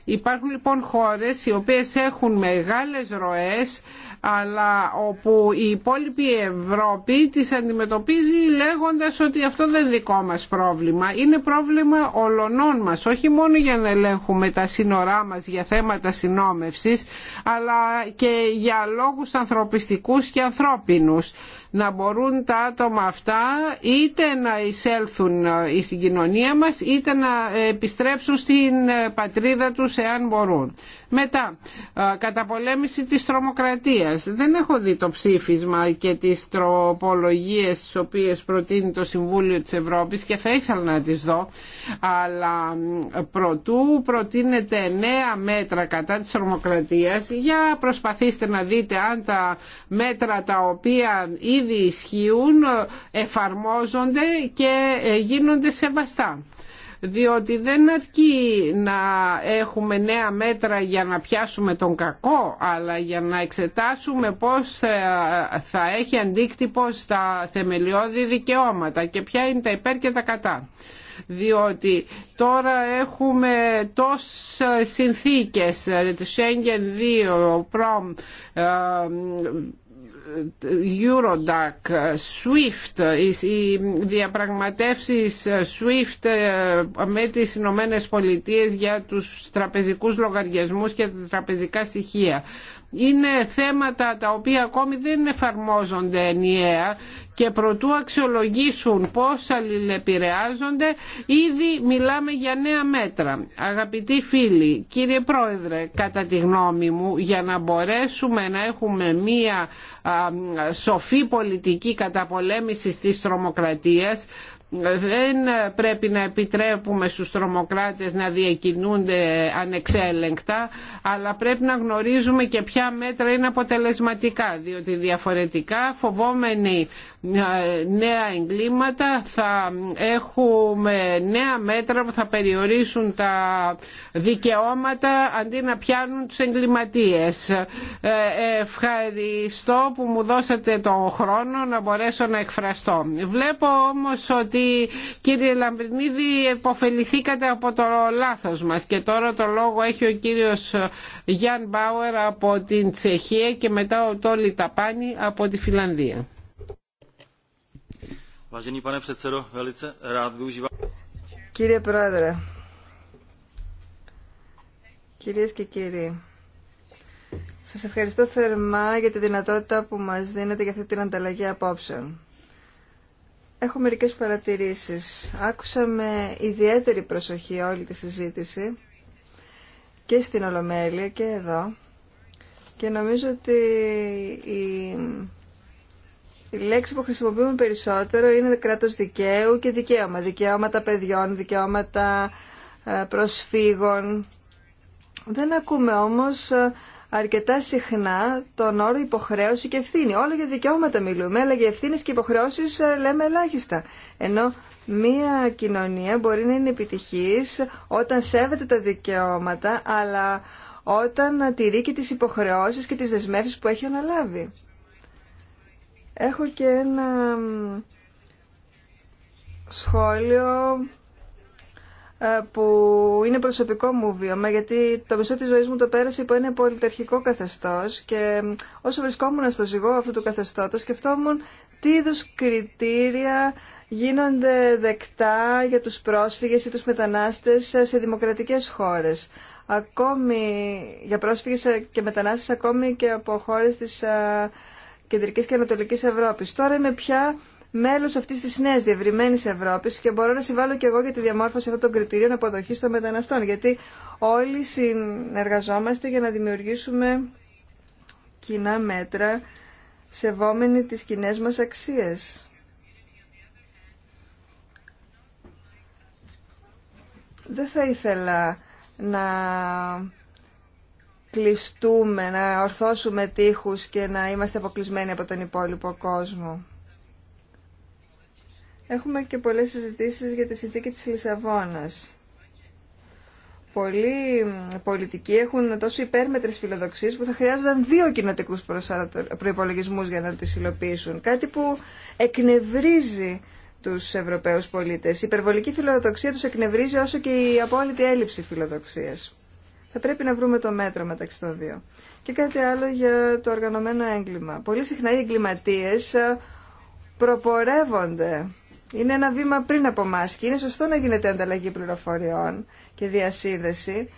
S3: Υπάρχουν λοιπόν χώρες οι οποίες έχουν μεγάλες ροές αλλά όπου η υπόλοιπη Ευρώπη τις αντιμετωπίζει λέγοντας ότι αυτό δεν είναι δικό μας πρόβλημα. Είναι πρόβλημα ολονών μας, όχι μόνο για να ελέγχουμε τα σύνορά μας για θέματα συνόμευσης, αλλά και για λόγους ανθρωπιστικούς και ανθρώπινους. Να μπορούν τα άτομα αυτά είτε να εισέλθουν ε, στην κοινωνία μας, είτε να επιστρέψουν στην ε, πατρίδα τους εάν μπορούν. Μετά, ε, καταπολέμηση της τρομοκρατίας δεν έχω δει το ψήφισμα και τις τροπολογίες τις οποίες προτείνει το Συμβούλιο της Ευρώπης και θα ήθελα να τις δω, αλλά προτού προτείνεται νέα μέτρα κατά της τρομοκρατίας. Για προσπαθήστε να δείτε αν τα μέτρα τα οποία ήδη ισχύουν ε, εφαρμόζονται και ε, γίνονται σεβαστά διότι δεν αρκεί να έχουμε νέα μέτρα για να πιάσουμε τον κακό αλλά για να εξετάσουμε πώς θα έχει αντίκτυπο στα θεμελιώδη δικαιώματα και ποια είναι τα υπέρ και τα κατά διότι τώρα έχουμε τόσες συνθήκες, ε, Schengen 2, ΠΡΟΜ, Eurodac, SWIFT, οι διαπραγματεύσεις SWIFT ε, με τις Ηνωμένε Πολιτείε για τους τραπεζικούς λογαριασμούς και τα τραπεζικά στοιχεία. Είναι θέματα τα οποία ακόμη δεν εφαρμόζονται ενιαία και προτού αξιολογήσουν πώς αλληλεπηρεάζονται ήδη μιλάμε για νέα μέτρα. Αγαπητοί φίλοι, κύριε Πρόεδρε, κατά τη γνώμη μου για να μπορέσουμε να έχουμε μία σοφή πολιτική καταπολέμησης της τρομοκρατίας δεν πρέπει να επιτρέπουμε στους τρομοκράτες να διακινούνται ανεξέλεγκτα αλλά πρέπει να γνωρίζουμε και ποια μέτρα είναι αποτελεσματικά διότι διαφορετικά φοβόμενοι ε, νέα εγκλήματα θα έχουμε νέα μέτρα που θα περιορίσουν τα δικαιώματα αντί να πιάνουν τους εγκληματίες. Ε, ευχαριστώ που μου δώσατε τον χρόνο να μπορέσω να εκφραστώ. Βλέπω όμως ότι κύριε Λαμπρινίδη υποφεληθήκατε από το λάθος μας και τώρα το λόγο έχει ο κύριος Γιάν Μπάουερ από την Τσεχία και μετά ο Τόλι Ταπάνη από τη Φιλανδία.
S2: Κύριε Πρόεδρε, κυρίες και κύριοι, σας ευχαριστώ θερμά για τη δυνατότητα που μας δίνετε για αυτή την ανταλλαγή απόψεων. Έχω μερικές παρατηρήσεις. Άκουσα με ιδιαίτερη προσοχή όλη τη συζήτηση και στην Ολομέλεια και εδώ και νομίζω ότι η, η λέξη που χρησιμοποιούμε περισσότερο είναι κράτος δικαίου και δικαίωμα. Δικαιώματα παιδιών, δικαιώματα ε, προσφύγων. Δεν ακούμε όμως ε, αρκετά συχνά τον όρο υποχρέωση και ευθύνη. Όλα για δικαιώματα μιλούμε, αλλά για ευθύνε και υποχρεώσει ε, λέμε ελάχιστα. Ενώ μία κοινωνία μπορεί να είναι επιτυχής όταν σέβεται τα δικαιώματα, αλλά όταν τηρεί και τις υποχρεώσεις και τις δεσμεύσει που έχει αναλάβει. Έχω και ένα σχόλιο ε, που είναι προσωπικό μου βίωμα, γιατί το μισό της ζωής μου το πέρασε υπό ένα πολιτερχικό καθεστώς και όσο βρισκόμουν στο ζυγό αυτού του καθεστώτος σκεφτόμουν τι είδου κριτήρια γίνονται δεκτά για τους πρόσφυγες ή τους μετανάστες σε δημοκρατικές χώρες. Ακόμη για πρόσφυγες ε, και μετανάστες ακόμη και από χώρες της ε, Κεντρικής και Ανατολικής Ευρώπης. Τώρα είμαι πια Μέλο αυτή τη νέα διευρυμένη Ευρώπη και μπορώ να συμβάλλω και εγώ για τη διαμόρφωση αυτών των κριτηρίων αποδοχή των μεταναστών γιατί όλοι συνεργαζόμαστε για να δημιουργήσουμε κοινά μέτρα σεβόμενοι τις κοινέ μας αξίες. Δεν θα ήθελα να κλειστούμε, να ορθώσουμε τείχους και να είμαστε αποκλεισμένοι από τον υπόλοιπο κόσμο. Έχουμε και πολλές συζητήσεις για τη συνθήκη της Λισαβόνας. Πολλοί πολιτικοί έχουν τόσο υπέρμετρες φιλοδοξίες που θα χρειάζονταν δύο κοινοτικού προϋπολογισμούς για να τις υλοποιήσουν. Κάτι που εκνευρίζει τους Ευρωπαίους πολίτες. Η υπερβολική φιλοδοξία τους εκνευρίζει όσο και η απόλυτη έλλειψη φιλοδοξίας. Θα πρέπει να βρούμε το μέτρο μεταξύ των δύο. Και κάτι άλλο για το οργανωμένο έγκλημα. Πολύ συχνά οι εγκληματίες ε, προπορεύονται είναι ένα βήμα πριν από εμά και είναι σωστό να γίνεται ανταλλαγή πληροφοριών και διασύνδεση.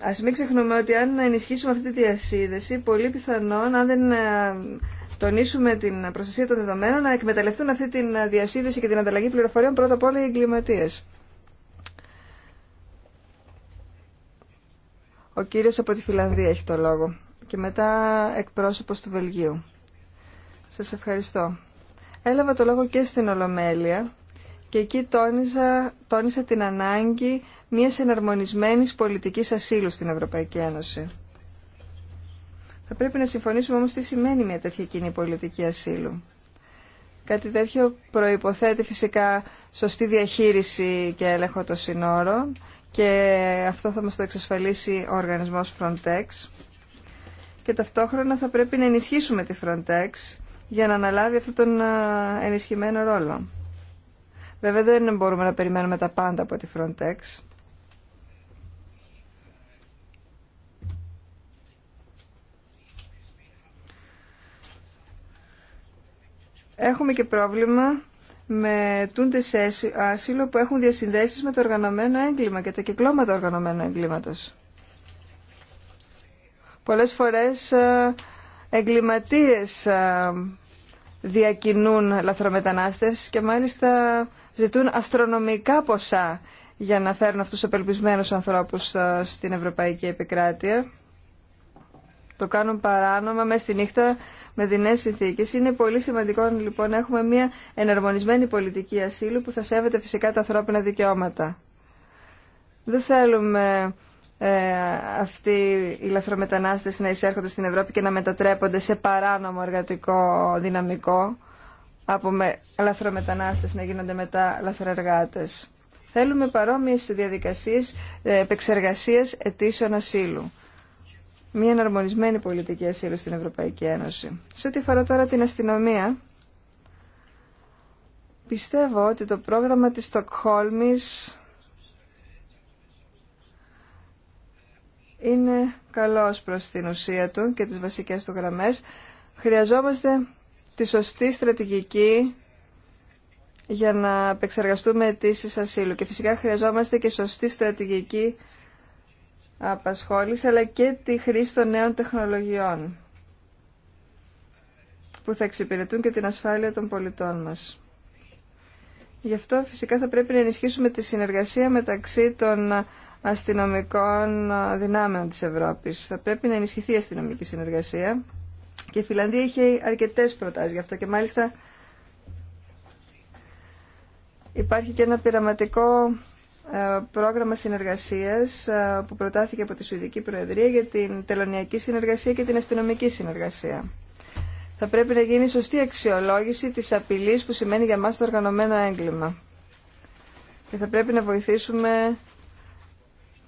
S2: Α μην ξεχνούμε ότι αν ενισχύσουμε αυτή τη διασύνδεση, πολύ πιθανόν, αν δεν ε, τονίσουμε την προστασία των δεδομένων, να εκμεταλλευτούν αυτή τη διασύνδεση και την ανταλλαγή πληροφοριών πρώτα απ' όλα οι εγκληματίε. Ο κύριος από τη Φιλανδία έχει το λόγο και μετά εκπρόσωπος του Βελγίου. Σας ευχαριστώ έλαβα το λόγο και στην Ολομέλεια και εκεί τόνιζα, τόνισα την ανάγκη μιας εναρμονισμένης πολιτικής ασύλου στην Ευρωπαϊκή Ένωση. Θα πρέπει να συμφωνήσουμε όμως τι σημαίνει μια τέτοια κοινή πολιτική ασύλου. Κάτι τέτοιο προϋποθέτει φυσικά σωστή διαχείριση και έλεγχο των συνόρων και αυτό θα μας το εξασφαλίσει ο οργανισμός Frontex. Και ταυτόχρονα θα πρέπει να ενισχύσουμε τη Frontex για να αναλάβει αυτόν τον ε, ενισχυμένο ρόλο. Βέβαια δεν μπορούμε να περιμένουμε τα πάντα από τη Frontex. Έχουμε και πρόβλημα με τούντες ασύλο που έχουν διασυνδέσεις με το οργανωμένο έγκλημα και τα κυκλώματα οργανωμένου έγκληματος. Πολλές φορές ε, εγκληματίες διακινούν λαθρομετανάστες και μάλιστα ζητούν αστρονομικά ποσά για να φέρουν αυτούς τους απελπισμένους ανθρώπους στην Ευρωπαϊκή Επικράτεια. Το κάνουν παράνομα μέσα στη νύχτα με δεινές συνθήκες. Είναι πολύ σημαντικό λοιπόν να έχουμε μια εναρμονισμένη πολιτική ασύλου που θα σέβεται φυσικά τα ανθρώπινα δικαιώματα. Δεν θέλουμε ε, αυτοί οι λαθρομετανάστες να εισέρχονται στην Ευρώπη και να μετατρέπονται σε παράνομο εργατικό δυναμικό από με, λαθρομετανάστες να γίνονται μετά λαθροεργάτες. Θέλουμε παρόμοιες διαδικασίες ε, επεξεργασίας αιτήσεων ασύλου. Μια εναρμονισμένη πολιτική ασύλου στην Ευρωπαϊκή Ένωση. Σε ό,τι αφορά τώρα την αστυνομία, πιστεύω ότι το πρόγραμμα της Στοκχόλμης είναι καλός προς την ουσία του και τις βασικές του γραμμές. Χρειαζόμαστε τη σωστή στρατηγική για να επεξεργαστούμε αιτήσει ασύλου και φυσικά χρειαζόμαστε και σωστή στρατηγική απασχόληση αλλά και τη χρήση των νέων τεχνολογιών που θα εξυπηρετούν και την ασφάλεια των πολιτών μας. Γι' αυτό φυσικά θα πρέπει να ενισχύσουμε τη συνεργασία μεταξύ των αστυνομικών δυνάμεων της Ευρώπης. Θα πρέπει να ενισχυθεί η αστυνομική συνεργασία και η Φιλανδία είχε αρκετές προτάσεις γι' αυτό και μάλιστα υπάρχει και ένα πειραματικό ε, πρόγραμμα συνεργασίας ε, που προτάθηκε από τη Σουηδική Προεδρία για την τελωνιακή συνεργασία και την αστυνομική συνεργασία. Θα πρέπει να γίνει σωστή αξιολόγηση της απειλής που σημαίνει για μας το οργανωμένο έγκλημα. Και θα πρέπει να βοηθήσουμε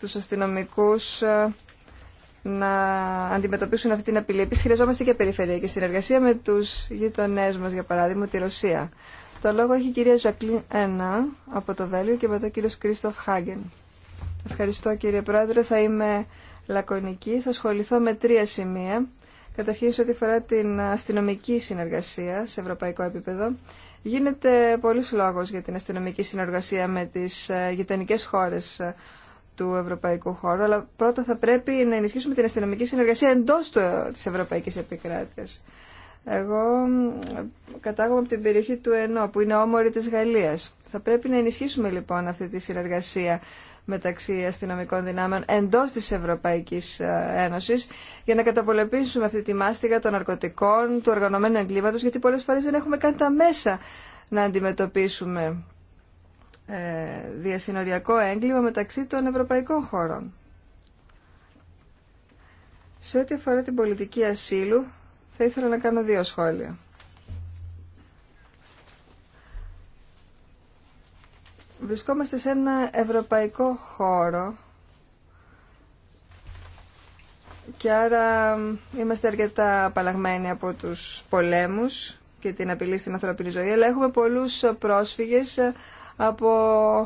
S2: τους αστυνομικούς ε, να αντιμετωπίσουν αυτή την απειλή. Επίσης χρειαζόμαστε και περιφερειακή συνεργασία με τους γειτονές μας, για παράδειγμα τη Ρωσία. Το λόγο έχει η κυρία Ζακλίν Ένα από το Βέλιο και μετά ο κύριος Κρίστοφ Χάγκεν. Ευχαριστώ κύριε Πρόεδρε, θα είμαι λακωνική. Θα ασχοληθώ με τρία σημεία. Καταρχήν σε ό,τι αφορά την αστυνομική συνεργασία σε ευρωπαϊκό επίπεδο. Γίνεται πολλής λόγος για την αστυνομική συνεργασία με τις ε, γειτονικέ χώρες του ευρωπαϊκού χώρου, αλλά πρώτα θα πρέπει να ενισχύσουμε την αστυνομική συνεργασία εντός της ευρωπαϊκής επικράτειας. Εγώ κατάγομαι από την περιοχή του ΕΝΟ, που είναι όμορη της Γαλλίας. Θα πρέπει να ενισχύσουμε λοιπόν αυτή τη συνεργασία μεταξύ αστυνομικών δυνάμεων εντός της Ευρωπαϊκής ε, Ένωσης για να καταπολεμήσουμε αυτή τη μάστιγα των ναρκωτικών, του οργανωμένου εγκλήματος, γιατί πολλές φορές δεν έχουμε καν τα μέσα να αντιμετωπίσουμε ε, διασυνοριακό έγκλημα μεταξύ των ευρωπαϊκών χωρών. Σε ό,τι αφορά την πολιτική ασύλου, θα ήθελα να κάνω δύο σχόλια. Βρισκόμαστε σε ένα ευρωπαϊκό χώρο και άρα είμαστε αρκετά απαλλαγμένοι από τους πολέμους και την απειλή στην ανθρώπινη ζωή, αλλά έχουμε πολλούς πρόσφυγες από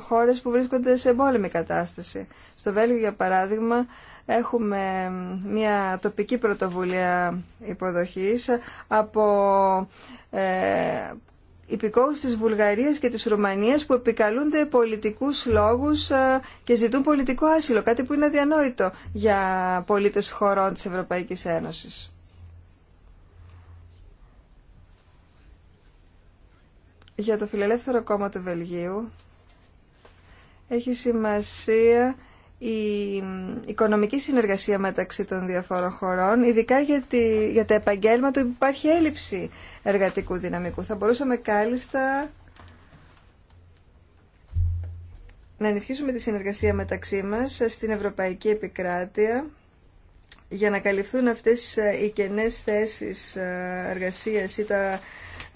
S2: χώρες που βρίσκονται σε εμπόλεμη κατάσταση. Στο Βέλγιο, για παράδειγμα, έχουμε μια τοπική πρωτοβουλία υποδοχής από ε, υπηκόους της Βουλγαρίας και της Ρουμανίας που επικαλούνται πολιτικούς λόγους ε, και ζητούν πολιτικό άσυλο, κάτι που είναι αδιανόητο για πολίτες χωρών της Ευρωπαϊκής Ένωσης. για το Φιλελεύθερο Κόμμα του Βελγίου έχει σημασία η οικονομική συνεργασία μεταξύ των διαφόρων χωρών, ειδικά για, τη, για τα επαγγέλματα που υπάρχει έλλειψη εργατικού δυναμικού. Θα μπορούσαμε κάλλιστα να ενισχύσουμε τη συνεργασία μεταξύ μας στην Ευρωπαϊκή Επικράτεια για να καλυφθούν αυτές οι κενές θέσεις ε, εργασίας ή τα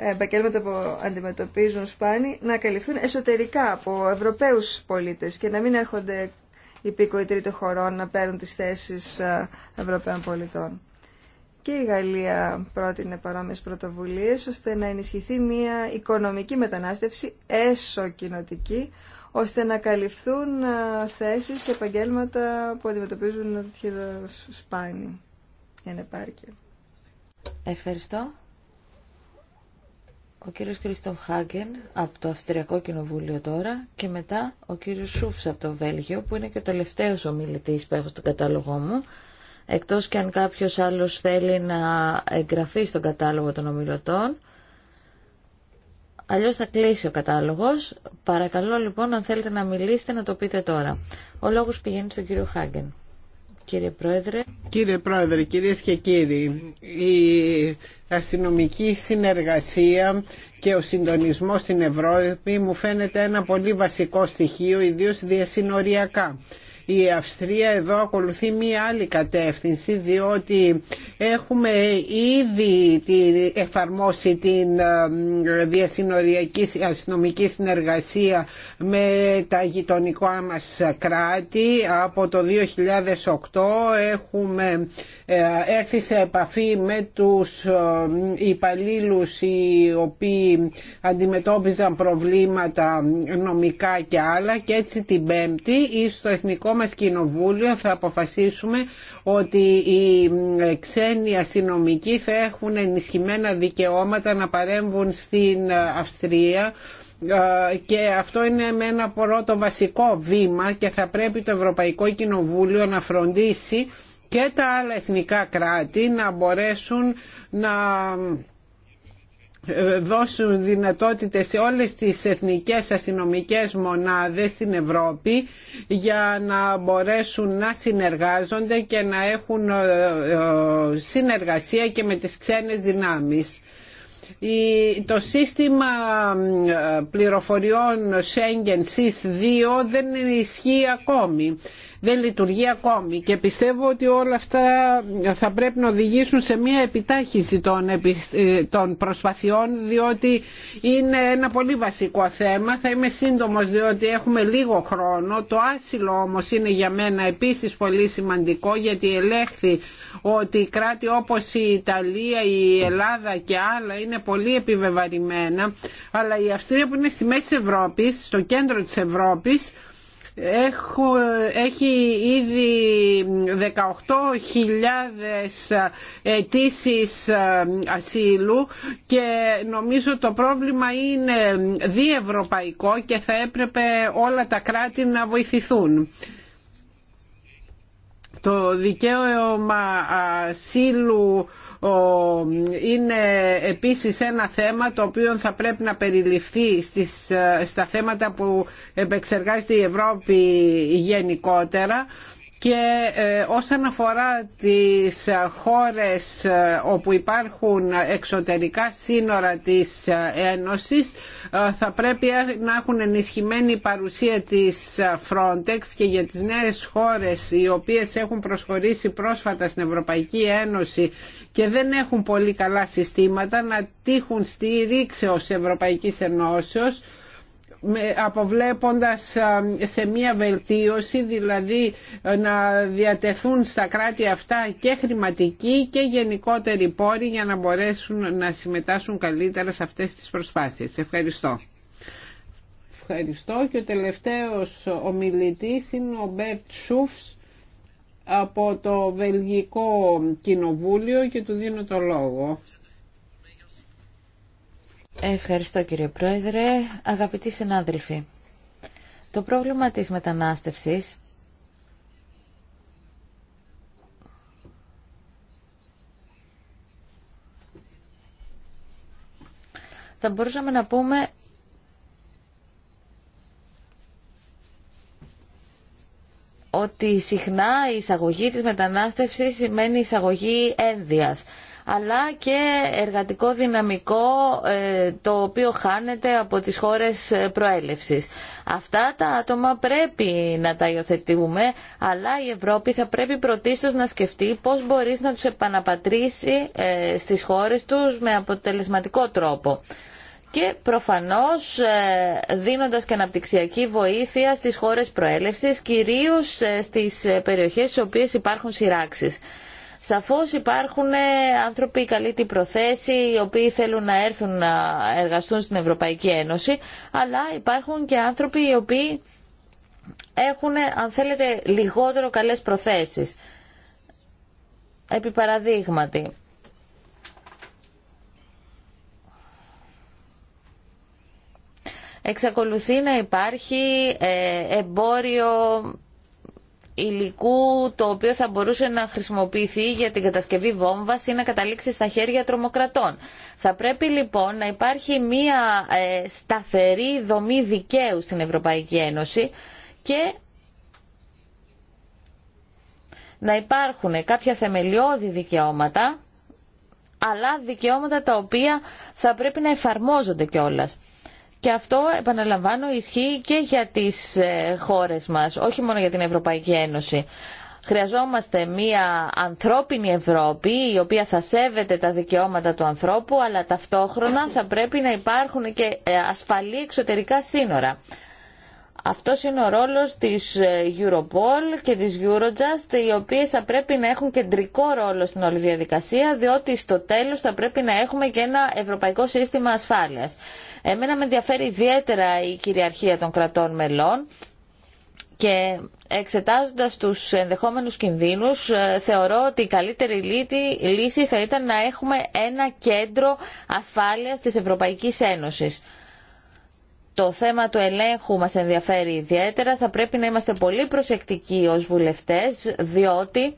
S2: επαγγέλματα που αντιμετωπίζουν σπάνι να καλυφθούν εσωτερικά από Ευρωπαίους πολίτες και να μην έρχονται υπήκοοι τρίτων χωρών να παίρνουν τις θέσεις ε, Ευρωπαίων πολιτών. Και η Γαλλία πρότεινε παρόμοιε πρωτοβουλίες ώστε να ενισχυθεί μια οικονομική μετανάστευση έσω κοινοτική ώστε να καλυφθούν ε, θέσεις σε επαγγέλματα που αντιμετωπίζουν σπάνι.
S1: Ευχαριστώ ο κύριος Κριστον Χάγκεν από το Αυστριακό Κοινοβούλιο τώρα και μετά ο κύριος Σούφς από το Βέλγιο που είναι και ο τελευταίος ομιλητής που έχω στον κατάλογό μου εκτός και αν κάποιος άλλος θέλει να εγγραφεί στον κατάλογο των ομιλωτών Αλλιώς θα κλείσει ο κατάλογος. Παρακαλώ λοιπόν αν θέλετε να μιλήσετε να το πείτε τώρα. Ο λόγος πηγαίνει στον κύριο Χάγκεν.
S3: Κύριε Πρόεδρε. Κύριε Πρόεδρε, κυρίες και κύριοι, η αστυνομική συνεργασία και ο συντονισμός στην Ευρώπη μου φαίνεται ένα πολύ βασικό στοιχείο, ιδίως διασυνοριακά η Αυστρία εδώ ακολουθεί μία άλλη κατεύθυνση διότι έχουμε ήδη εφαρμόσει την ε, διασυνοριακή αστυνομική συνεργασία με τα γειτονικά μας κράτη. Από το 2008 έχουμε ε, έρθει σε επαφή με τους ε, υπαλλήλους οι οποίοι αντιμετώπιζαν προβλήματα νομικά και άλλα και έτσι την Πέμπτη στο Εθνικό μας θα αποφασίσουμε ότι οι ξένοι αστυνομικοί θα έχουν ενισχυμένα δικαιώματα να παρέμβουν στην Αυστρία ε, και αυτό είναι ένα πρώτο βασικό βήμα και θα πρέπει το Ευρωπαϊκό Κοινοβούλιο να φροντίσει και τα άλλα εθνικά κράτη να μπορέσουν να δώσουν δυνατότητες σε όλες τις εθνικές αστυνομικές μονάδες στην Ευρώπη για να μπορέσουν να συνεργάζονται και να έχουν ε, ε, συνεργασία και με τις ξένες δυνάμεις. Το σύστημα ε, πληροφοριών Schengen SIS 2 δεν ισχύει ακόμη δεν λειτουργεί ακόμη και πιστεύω ότι όλα αυτά θα πρέπει να οδηγήσουν σε μια επιτάχυση ε, των προσπαθειών διότι είναι ένα πολύ βασικό θέμα. Θα είμαι σύντομος διότι έχουμε λίγο χρόνο. Το άσυλο όμως είναι για μένα επίσης πολύ σημαντικό γιατί ελέγχθη ότι κράτη όπως η Ιταλία, η Ελλάδα και άλλα είναι πολύ επιβεβαρημένα αλλά η Αυστρία που είναι στη μέση Ευρώπης, στο κέντρο της Ευρώπης Έχω, έχει ήδη 18.000 αιτήσει ε, ασύλου και νομίζω το πρόβλημα είναι διευρωπαϊκό και θα έπρεπε όλα τα κράτη να βοηθηθούν. Το δικαίωμα ασύλου είναι επίσης ένα θέμα το οποίο θα πρέπει να περιληφθεί στις, στα θέματα που επεξεργάζεται η Ευρώπη γενικότερα και ε, όσον αφορά τις χώρες ε, όπου υπάρχουν εξωτερικά σύνορα της ε, Ένωσης θα πρέπει να έχουν ενισχυμένη παρουσία της Frontex και για τις νέες χώρες οι οποίες έχουν προσχωρήσει πρόσφατα στην Ευρωπαϊκή Ένωση και δεν έχουν πολύ καλά συστήματα να τύχουν ως Ευρωπαϊκής Ενώσεως αποβλέποντας σε μία βελτίωση, δηλαδή ε, να διατεθούν στα κράτη αυτά και χρηματικοί και γενικότεροι πόροι για να μπορέσουν να συμμετάσχουν καλύτερα σε αυτές τις προσπάθειες. Ευχαριστώ. Ευχαριστώ και ο τελευταίος ομιλητής είναι ο Μπέρτ Σούφς από το Βελγικό Κοινοβούλιο και του δίνω το λόγο. Ευχαριστώ κύριε Πρόεδρε. Αγαπητοί συνάδελφοι,
S1: το πρόβλημα της μετανάστευσης θα μπορούσαμε να πούμε ότι συχνά η εισαγωγή της μετανάστευσης σημαίνει εισαγωγή ένδυας αλλά και εργατικό δυναμικό ε, το οποίο χάνεται από τις χώρες ε, προέλευσης. Αυτά τα άτομα πρέπει να τα υιοθετούμε, αλλά η Ευρώπη θα πρέπει πρωτίστως να σκεφτεί πώς μπορεί να τους επαναπατρίσει ε, στις χώρες τους με αποτελεσματικό τρόπο και προφανώς δίνοντας και αναπτυξιακή βοήθεια στις χώρες προέλευσης, κυρίως στις περιοχές στις οποίες υπάρχουν σειράξεις. Σαφώς υπάρχουν ε, άνθρωποι καλή την προθέση, οι οποίοι θέλουν να έρθουν να εργαστούν στην Ευρωπαϊκή Ένωση, αλλά υπάρχουν και άνθρωποι οι οποίοι έχουν, αν θέλετε, λιγότερο καλές προθέσεις. Επί παραδείγματι, εξακολουθεί να υπάρχει ε, εμπόριο υλικού το οποίο θα μπορούσε να χρησιμοποιηθεί για την κατασκευή βόμβας ή να καταλήξει στα χέρια τρομοκρατών. Θα πρέπει λοιπόν να υπάρχει μία ε, σταθερή δομή δικαίου στην Ευρωπαϊκή Ένωση και να υπάρχουν κάποια θεμελιώδη δικαιώματα αλλά δικαιώματα τα οποία θα πρέπει να εφαρμόζονται κιόλας. Και αυτό, επαναλαμβάνω, ισχύει και για τις ε, χώρες μας, όχι μόνο για την Ευρωπαϊκή Ένωση. Χρειαζόμαστε μια ανθρώπινη Ευρώπη η οποία θα σέβεται τα δικαιώματα του ανθρώπου αλλά ταυτόχρονα θα πρέπει να υπάρχουν και ε, ασφαλή εξωτερικά σύνορα. Αυτό είναι ο ρόλος της ε, Europol και της Eurojust, οι οποίες θα πρέπει να έχουν κεντρικό ρόλο στην όλη διαδικασία, διότι στο τέλος θα πρέπει να έχουμε και ένα ευρωπαϊκό σύστημα ασφάλειας. Εμένα με ενδιαφέρει ιδιαίτερα η κυριαρχία των κρατών μελών και εξετάζοντας τους ενδεχόμενους κινδύνους ε, θεωρώ ότι η καλύτερη λύση θα ήταν να έχουμε ένα κέντρο ασφάλειας της Ευρωπαϊκής Ένωσης το θέμα του ελέγχου μας ενδιαφέρει ιδιαίτερα. Θα πρέπει να είμαστε πολύ προσεκτικοί ως βουλευτές, διότι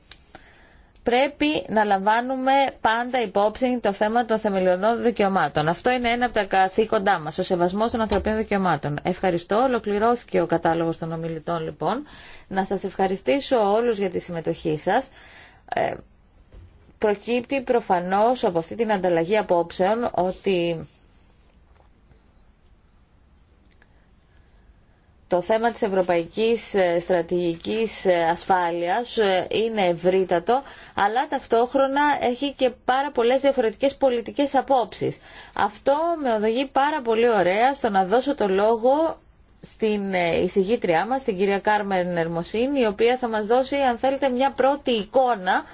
S1: πρέπει να λαμβάνουμε πάντα υπόψη το θέμα των θεμελιωνών δικαιωμάτων. Αυτό είναι ένα από τα καθήκοντά μας, ο σεβασμός των ανθρωπίνων δικαιωμάτων. Ευχαριστώ. Ολοκληρώθηκε ο κατάλογος των ομιλητών, λοιπόν. Να σας ευχαριστήσω όλους για τη συμμετοχή σας. Ε, προκύπτει προφανώς από αυτή την ανταλλαγή απόψεων ότι το θέμα της ευρωπαϊκής ε, στρατηγικής ε, ασφάλειας ε, είναι ευρύτατο, αλλά ταυτόχρονα έχει και πάρα πολλές διαφορετικές πολιτικές απόψεις. Αυτό με οδηγεί πάρα πολύ ωραία στο να δώσω το λόγο στην εισηγήτριά μας, την κυρία Κάρμεν Ερμοσίν, η οποία θα μας δώσει, αν θέλετε, μια πρώτη εικόνα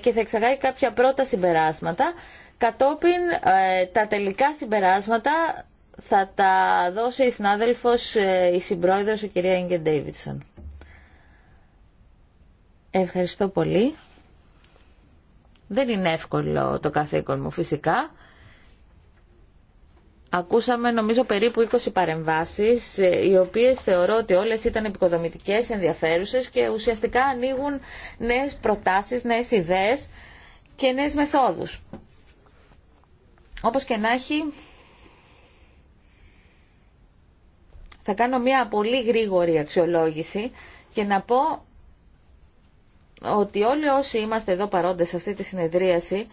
S1: και θα εξαγάγει κάποια πρώτα συμπεράσματα. Κατόπιν τα τελικά συμπεράσματα θα τα δώσει η συνάδελφος, ε, η συμπρόεδρος, η κυρία Ίγκε Ντέιβιτσον. Ευχαριστώ πολύ. Δεν είναι εύκολο το καθήκον μου φυσικά. Ακούσαμε νομίζω περίπου 20 παρεμβάσεις, ε, οι οποίες θεωρώ ότι όλες ήταν επικοδομητικές, ενδιαφέρουσες και ουσιαστικά ανοίγουν νέες προτάσεις, νέες ιδέες και νέες μεθόδους. Όπως και να έχει, Θα κάνω μια πολύ γρήγορη αξιολόγηση και να πω ότι όλοι όσοι είμαστε εδώ παρόντες σε αυτή τη συνεδρίαση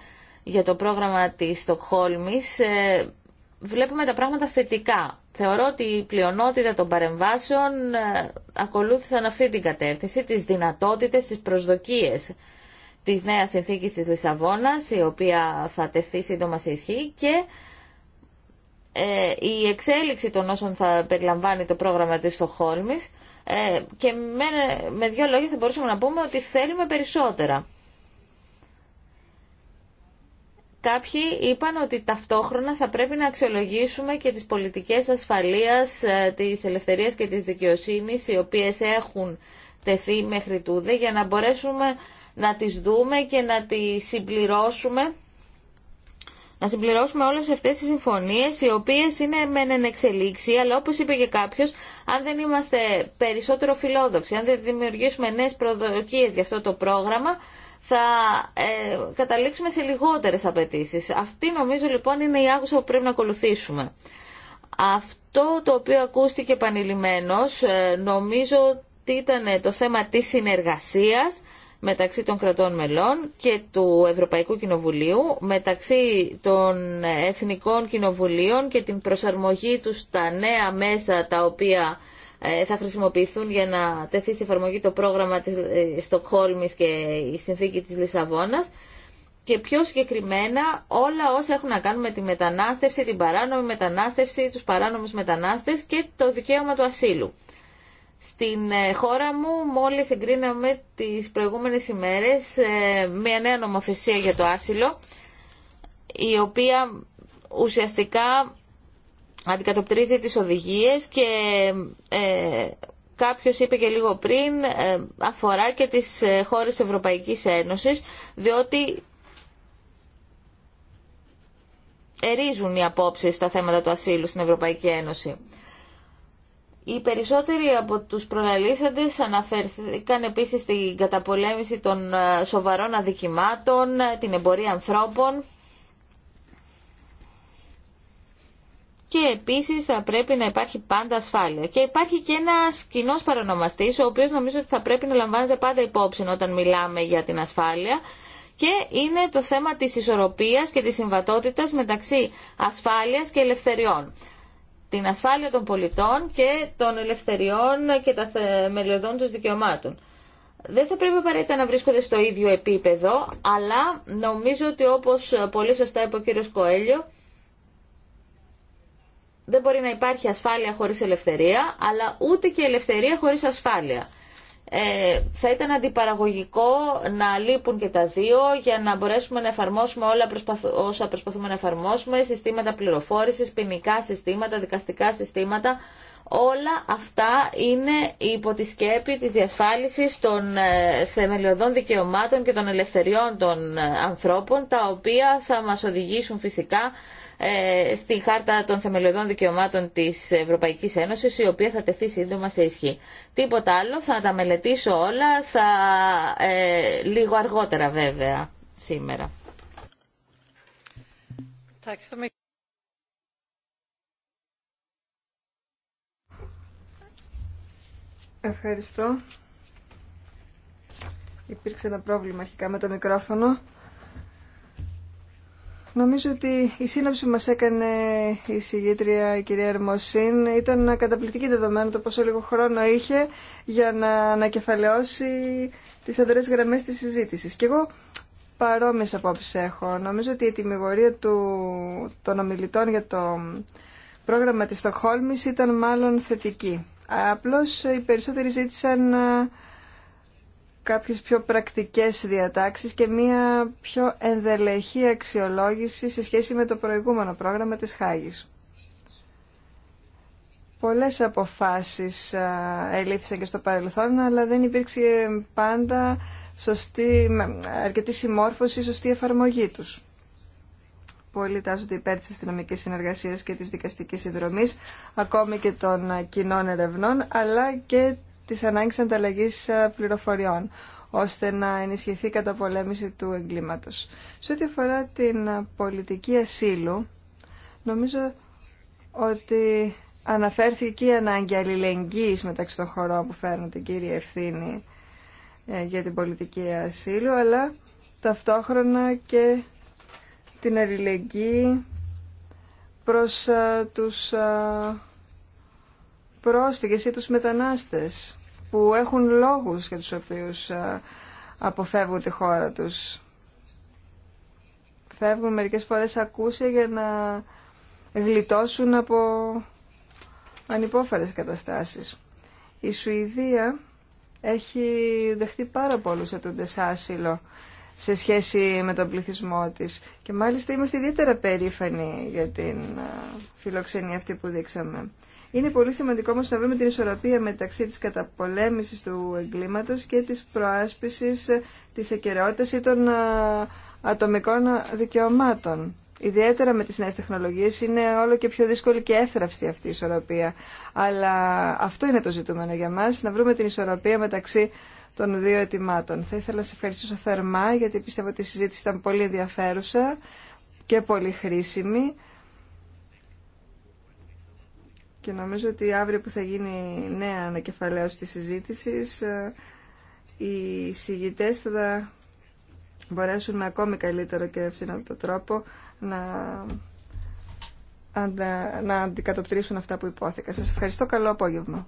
S1: για το πρόγραμμα της Στοκχόλμης ε, βλέπουμε τα πράγματα θετικά. Θεωρώ ότι η πλειονότητα των παρεμβάσεων ε, ακολούθησαν αυτή την κατεύθυνση, τις δυνατότητες, τις προσδοκίες της νέας συνθήκης της Λισαβόνας, η οποία θα τεθεί σύντομα σε ισχύ και ε, η εξέλιξη των όσων θα περιλαμβάνει το πρόγραμμα της Στοχόλμης ε, και με, με δύο λόγια θα μπορούσαμε να πούμε ότι θέλουμε περισσότερα. Κάποιοι είπαν ότι ταυτόχρονα θα πρέπει να αξιολογήσουμε και τις πολιτικές ασφαλείας, ε, της ελευθερίας και της δικαιοσύνης, οι οποίες έχουν τεθεί μέχρι τούδε, για να μπορέσουμε να τις δούμε και να τις συμπληρώσουμε να συμπληρώσουμε όλες αυτές τις συμφωνίες οι οποίες είναι μεν εν εξελίξη αλλά όπως είπε και κάποιο, αν δεν είμαστε περισσότερο φιλόδοξοι αν δεν δημιουργήσουμε νέες προδοκίε για αυτό το πρόγραμμα θα ε, καταλήξουμε σε λιγότερες απαιτήσει. Αυτή νομίζω λοιπόν είναι η άγουσα που πρέπει να ακολουθήσουμε. Αυτό το οποίο ακούστηκε επανειλημμένος ε, νομίζω ότι ήταν το θέμα της συνεργασίας μεταξύ των κρατών μελών και του Ευρωπαϊκού Κοινοβουλίου, μεταξύ των Εθνικών Κοινοβουλίων και την προσαρμογή του στα νέα μέσα τα οποία ε, θα χρησιμοποιηθούν για να τεθεί σε εφαρμογή το πρόγραμμα της ε, Στοκχόλμης και η συνθήκη της Λισαβόνας και πιο συγκεκριμένα όλα όσα έχουν να κάνουν με τη μετανάστευση, την παράνομη μετανάστευση, τους παράνομους μετανάστες και το δικαίωμα του ασύλου. Στην ε, χώρα μου μόλις εγκρίναμε τις προηγούμενες ημέρες ε, μια νέα νομοθεσία για το άσυλο η οποία ουσιαστικά αντικατοπτρίζει τις οδηγίες και ε, κάποιος είπε και λίγο πριν ε, αφορά και τις χώρες Ευρωπαϊκής Ένωσης διότι ερίζουν οι απόψεις στα θέματα του ασύλου στην Ευρωπαϊκή Ένωση. Οι περισσότεροι από τους προλαλήσαντες αναφέρθηκαν επίσης στην καταπολέμηση των ε, σοβαρών αδικημάτων, ε, την εμπορία ανθρώπων και επίσης θα πρέπει να υπάρχει πάντα ασφάλεια. Και υπάρχει και ένας κοινό παρονομαστής, ο οποίος νομίζω ότι θα πρέπει να λαμβάνεται πάντα υπόψη όταν μιλάμε για την ασφάλεια και είναι το θέμα της ισορροπίας και της συμβατότητας μεταξύ ασφάλειας και ελευθεριών την ασφάλεια των πολιτών και των ελευθεριών και τα μελωδών τους δικαιωμάτων. Δεν θα πρέπει απαραίτητα να βρίσκονται στο ίδιο επίπεδο, αλλά νομίζω ότι όπως πολύ σωστά είπε ο κύριο Κοέλιο, δεν μπορεί να υπάρχει ασφάλεια χωρίς ελευθερία, αλλά ούτε και ελευθερία χωρίς ασφάλεια ε, θα ήταν αντιπαραγωγικό να λείπουν και τα δύο για να μπορέσουμε να εφαρμόσουμε όλα όσα προσπαθούμε να εφαρμόσουμε, συστήματα πληροφόρησης, ποινικά συστήματα, δικαστικά συστήματα. Όλα αυτά είναι υπό τη σκέπη της διασφάλισης των ε, θεμελιωδών δικαιωμάτων και των ελευθεριών των ε, ανθρώπων, τα οποία θα μας οδηγήσουν φυσικά ε, στη Χάρτα των Θεμελιωδών Δικαιωμάτων της Ευρωπαϊκής Ένωσης, η οποία θα τεθεί σύντομα σε ισχύ. Τίποτα άλλο, θα τα μελετήσω όλα, θα ε, λίγο αργότερα βέβαια σήμερα.
S2: Ευχαριστώ. Υπήρξε ένα πρόβλημα αρχικά με το μικρόφωνο. Νομίζω ότι η σύνοψη που μας έκανε η συγγήτρια η κυρία Ερμοσίν ήταν καταπληκτική δεδομένο το πόσο λίγο χρόνο είχε για να ανακεφαλαιώσει τις αδερές γραμμές της συζήτησης. Και εγώ παρόμοιες απόψεις έχω. Νομίζω ότι η τιμιγορία του, των ομιλητών για το πρόγραμμα της Στοχόλμης ήταν μάλλον θετική. Απλώς οι περισσότεροι ζήτησαν κάποιες πιο πρακτικές διατάξεις και μία πιο ενδελεχή αξιολόγηση σε σχέση με το προηγούμενο πρόγραμμα της Χάγης. Πολλές αποφάσεις ελήφθησαν και στο παρελθόν, αλλά δεν υπήρξε πάντα σωστή, αρκετή συμμόρφωση, σωστή εφαρμογή τους. Πολλοί τάσσονται υπέρ της αστυνομικής συνεργασίας και της δικαστικής συνδρομής, ακόμη και των κοινών ερευνών, αλλά και της ανάγκης ανταλλαγής ε, πληροφοριών ώστε να ενισχυθεί η καταπολέμηση του εγκλήματος. Σε ό,τι αφορά την ε, πολιτική ασύλου, νομίζω ότι αναφέρθηκε και η ανάγκη αλληλεγγύης μεταξύ των χωρών που φέρνουν την κύρια ευθύνη ε, για την πολιτική ασύλου, αλλά ταυτόχρονα και την αλληλεγγύη προς τους πρόσφυγες ή τους μετανάστες που έχουν λόγους για τους οποίους αποφεύγουν τη χώρα τους. Φεύγουν μερικές φορές ακούσια για να γλιτώσουν από ανυπόφερες καταστάσεις. Η Σουηδία έχει δεχτεί πάρα πολλούς ετούντες άσυλο σε σχέση με τον πληθυσμό της και μάλιστα είμαστε ιδιαίτερα περήφανοι για την φιλοξενία αυτή που δείξαμε. Είναι πολύ σημαντικό όμως να βρούμε την ισορροπία μεταξύ της καταπολέμησης του εγκλήματος και της προάσπισης της ακαιρεότητας ή των ατομικών δικαιωμάτων. Ιδιαίτερα με τις νέες τεχνολογίες είναι όλο και πιο δύσκολη και έθραυστη αυτή η ισορροπία. Αλλά αυτό είναι το ζητούμενο για μας, να βρούμε την ισορροπία μεταξύ των δύο ετοιμάτων. Θα ήθελα να σε ευχαριστήσω θερμά γιατί πιστεύω ότι η συζήτηση ήταν πολύ ενδιαφέρουσα και πολύ χρήσιμη. Και νομίζω ότι αύριο που θα γίνει νέα ανακεφαλαίωση της συζήτησης, ε, οι συγητές θα μπορέσουν με ακόμη καλύτερο και ευσύνοπτο τρόπο να, να, να αντικατοπτρίσουν αυτά που υπόθηκα. Σας ευχαριστώ. Καλό απόγευμα.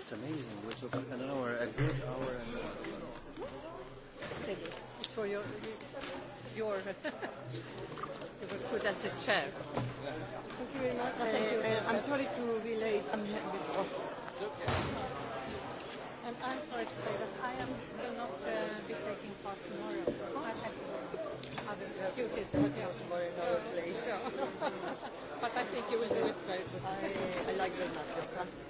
S4: That's amazing. We took an
S1: hour, a good hour. And...
S3: Thank you. It's for your, your, you put as a chair. Thank you very much.
S2: thank you. I'm sorry to be late. I'm here. It's okay. And
S1: I'm sorry to say that I am will not be taking part tomorrow. I have
S3: other duties but not tomorrow in another place. but I think you will do it very good. I, I like very much your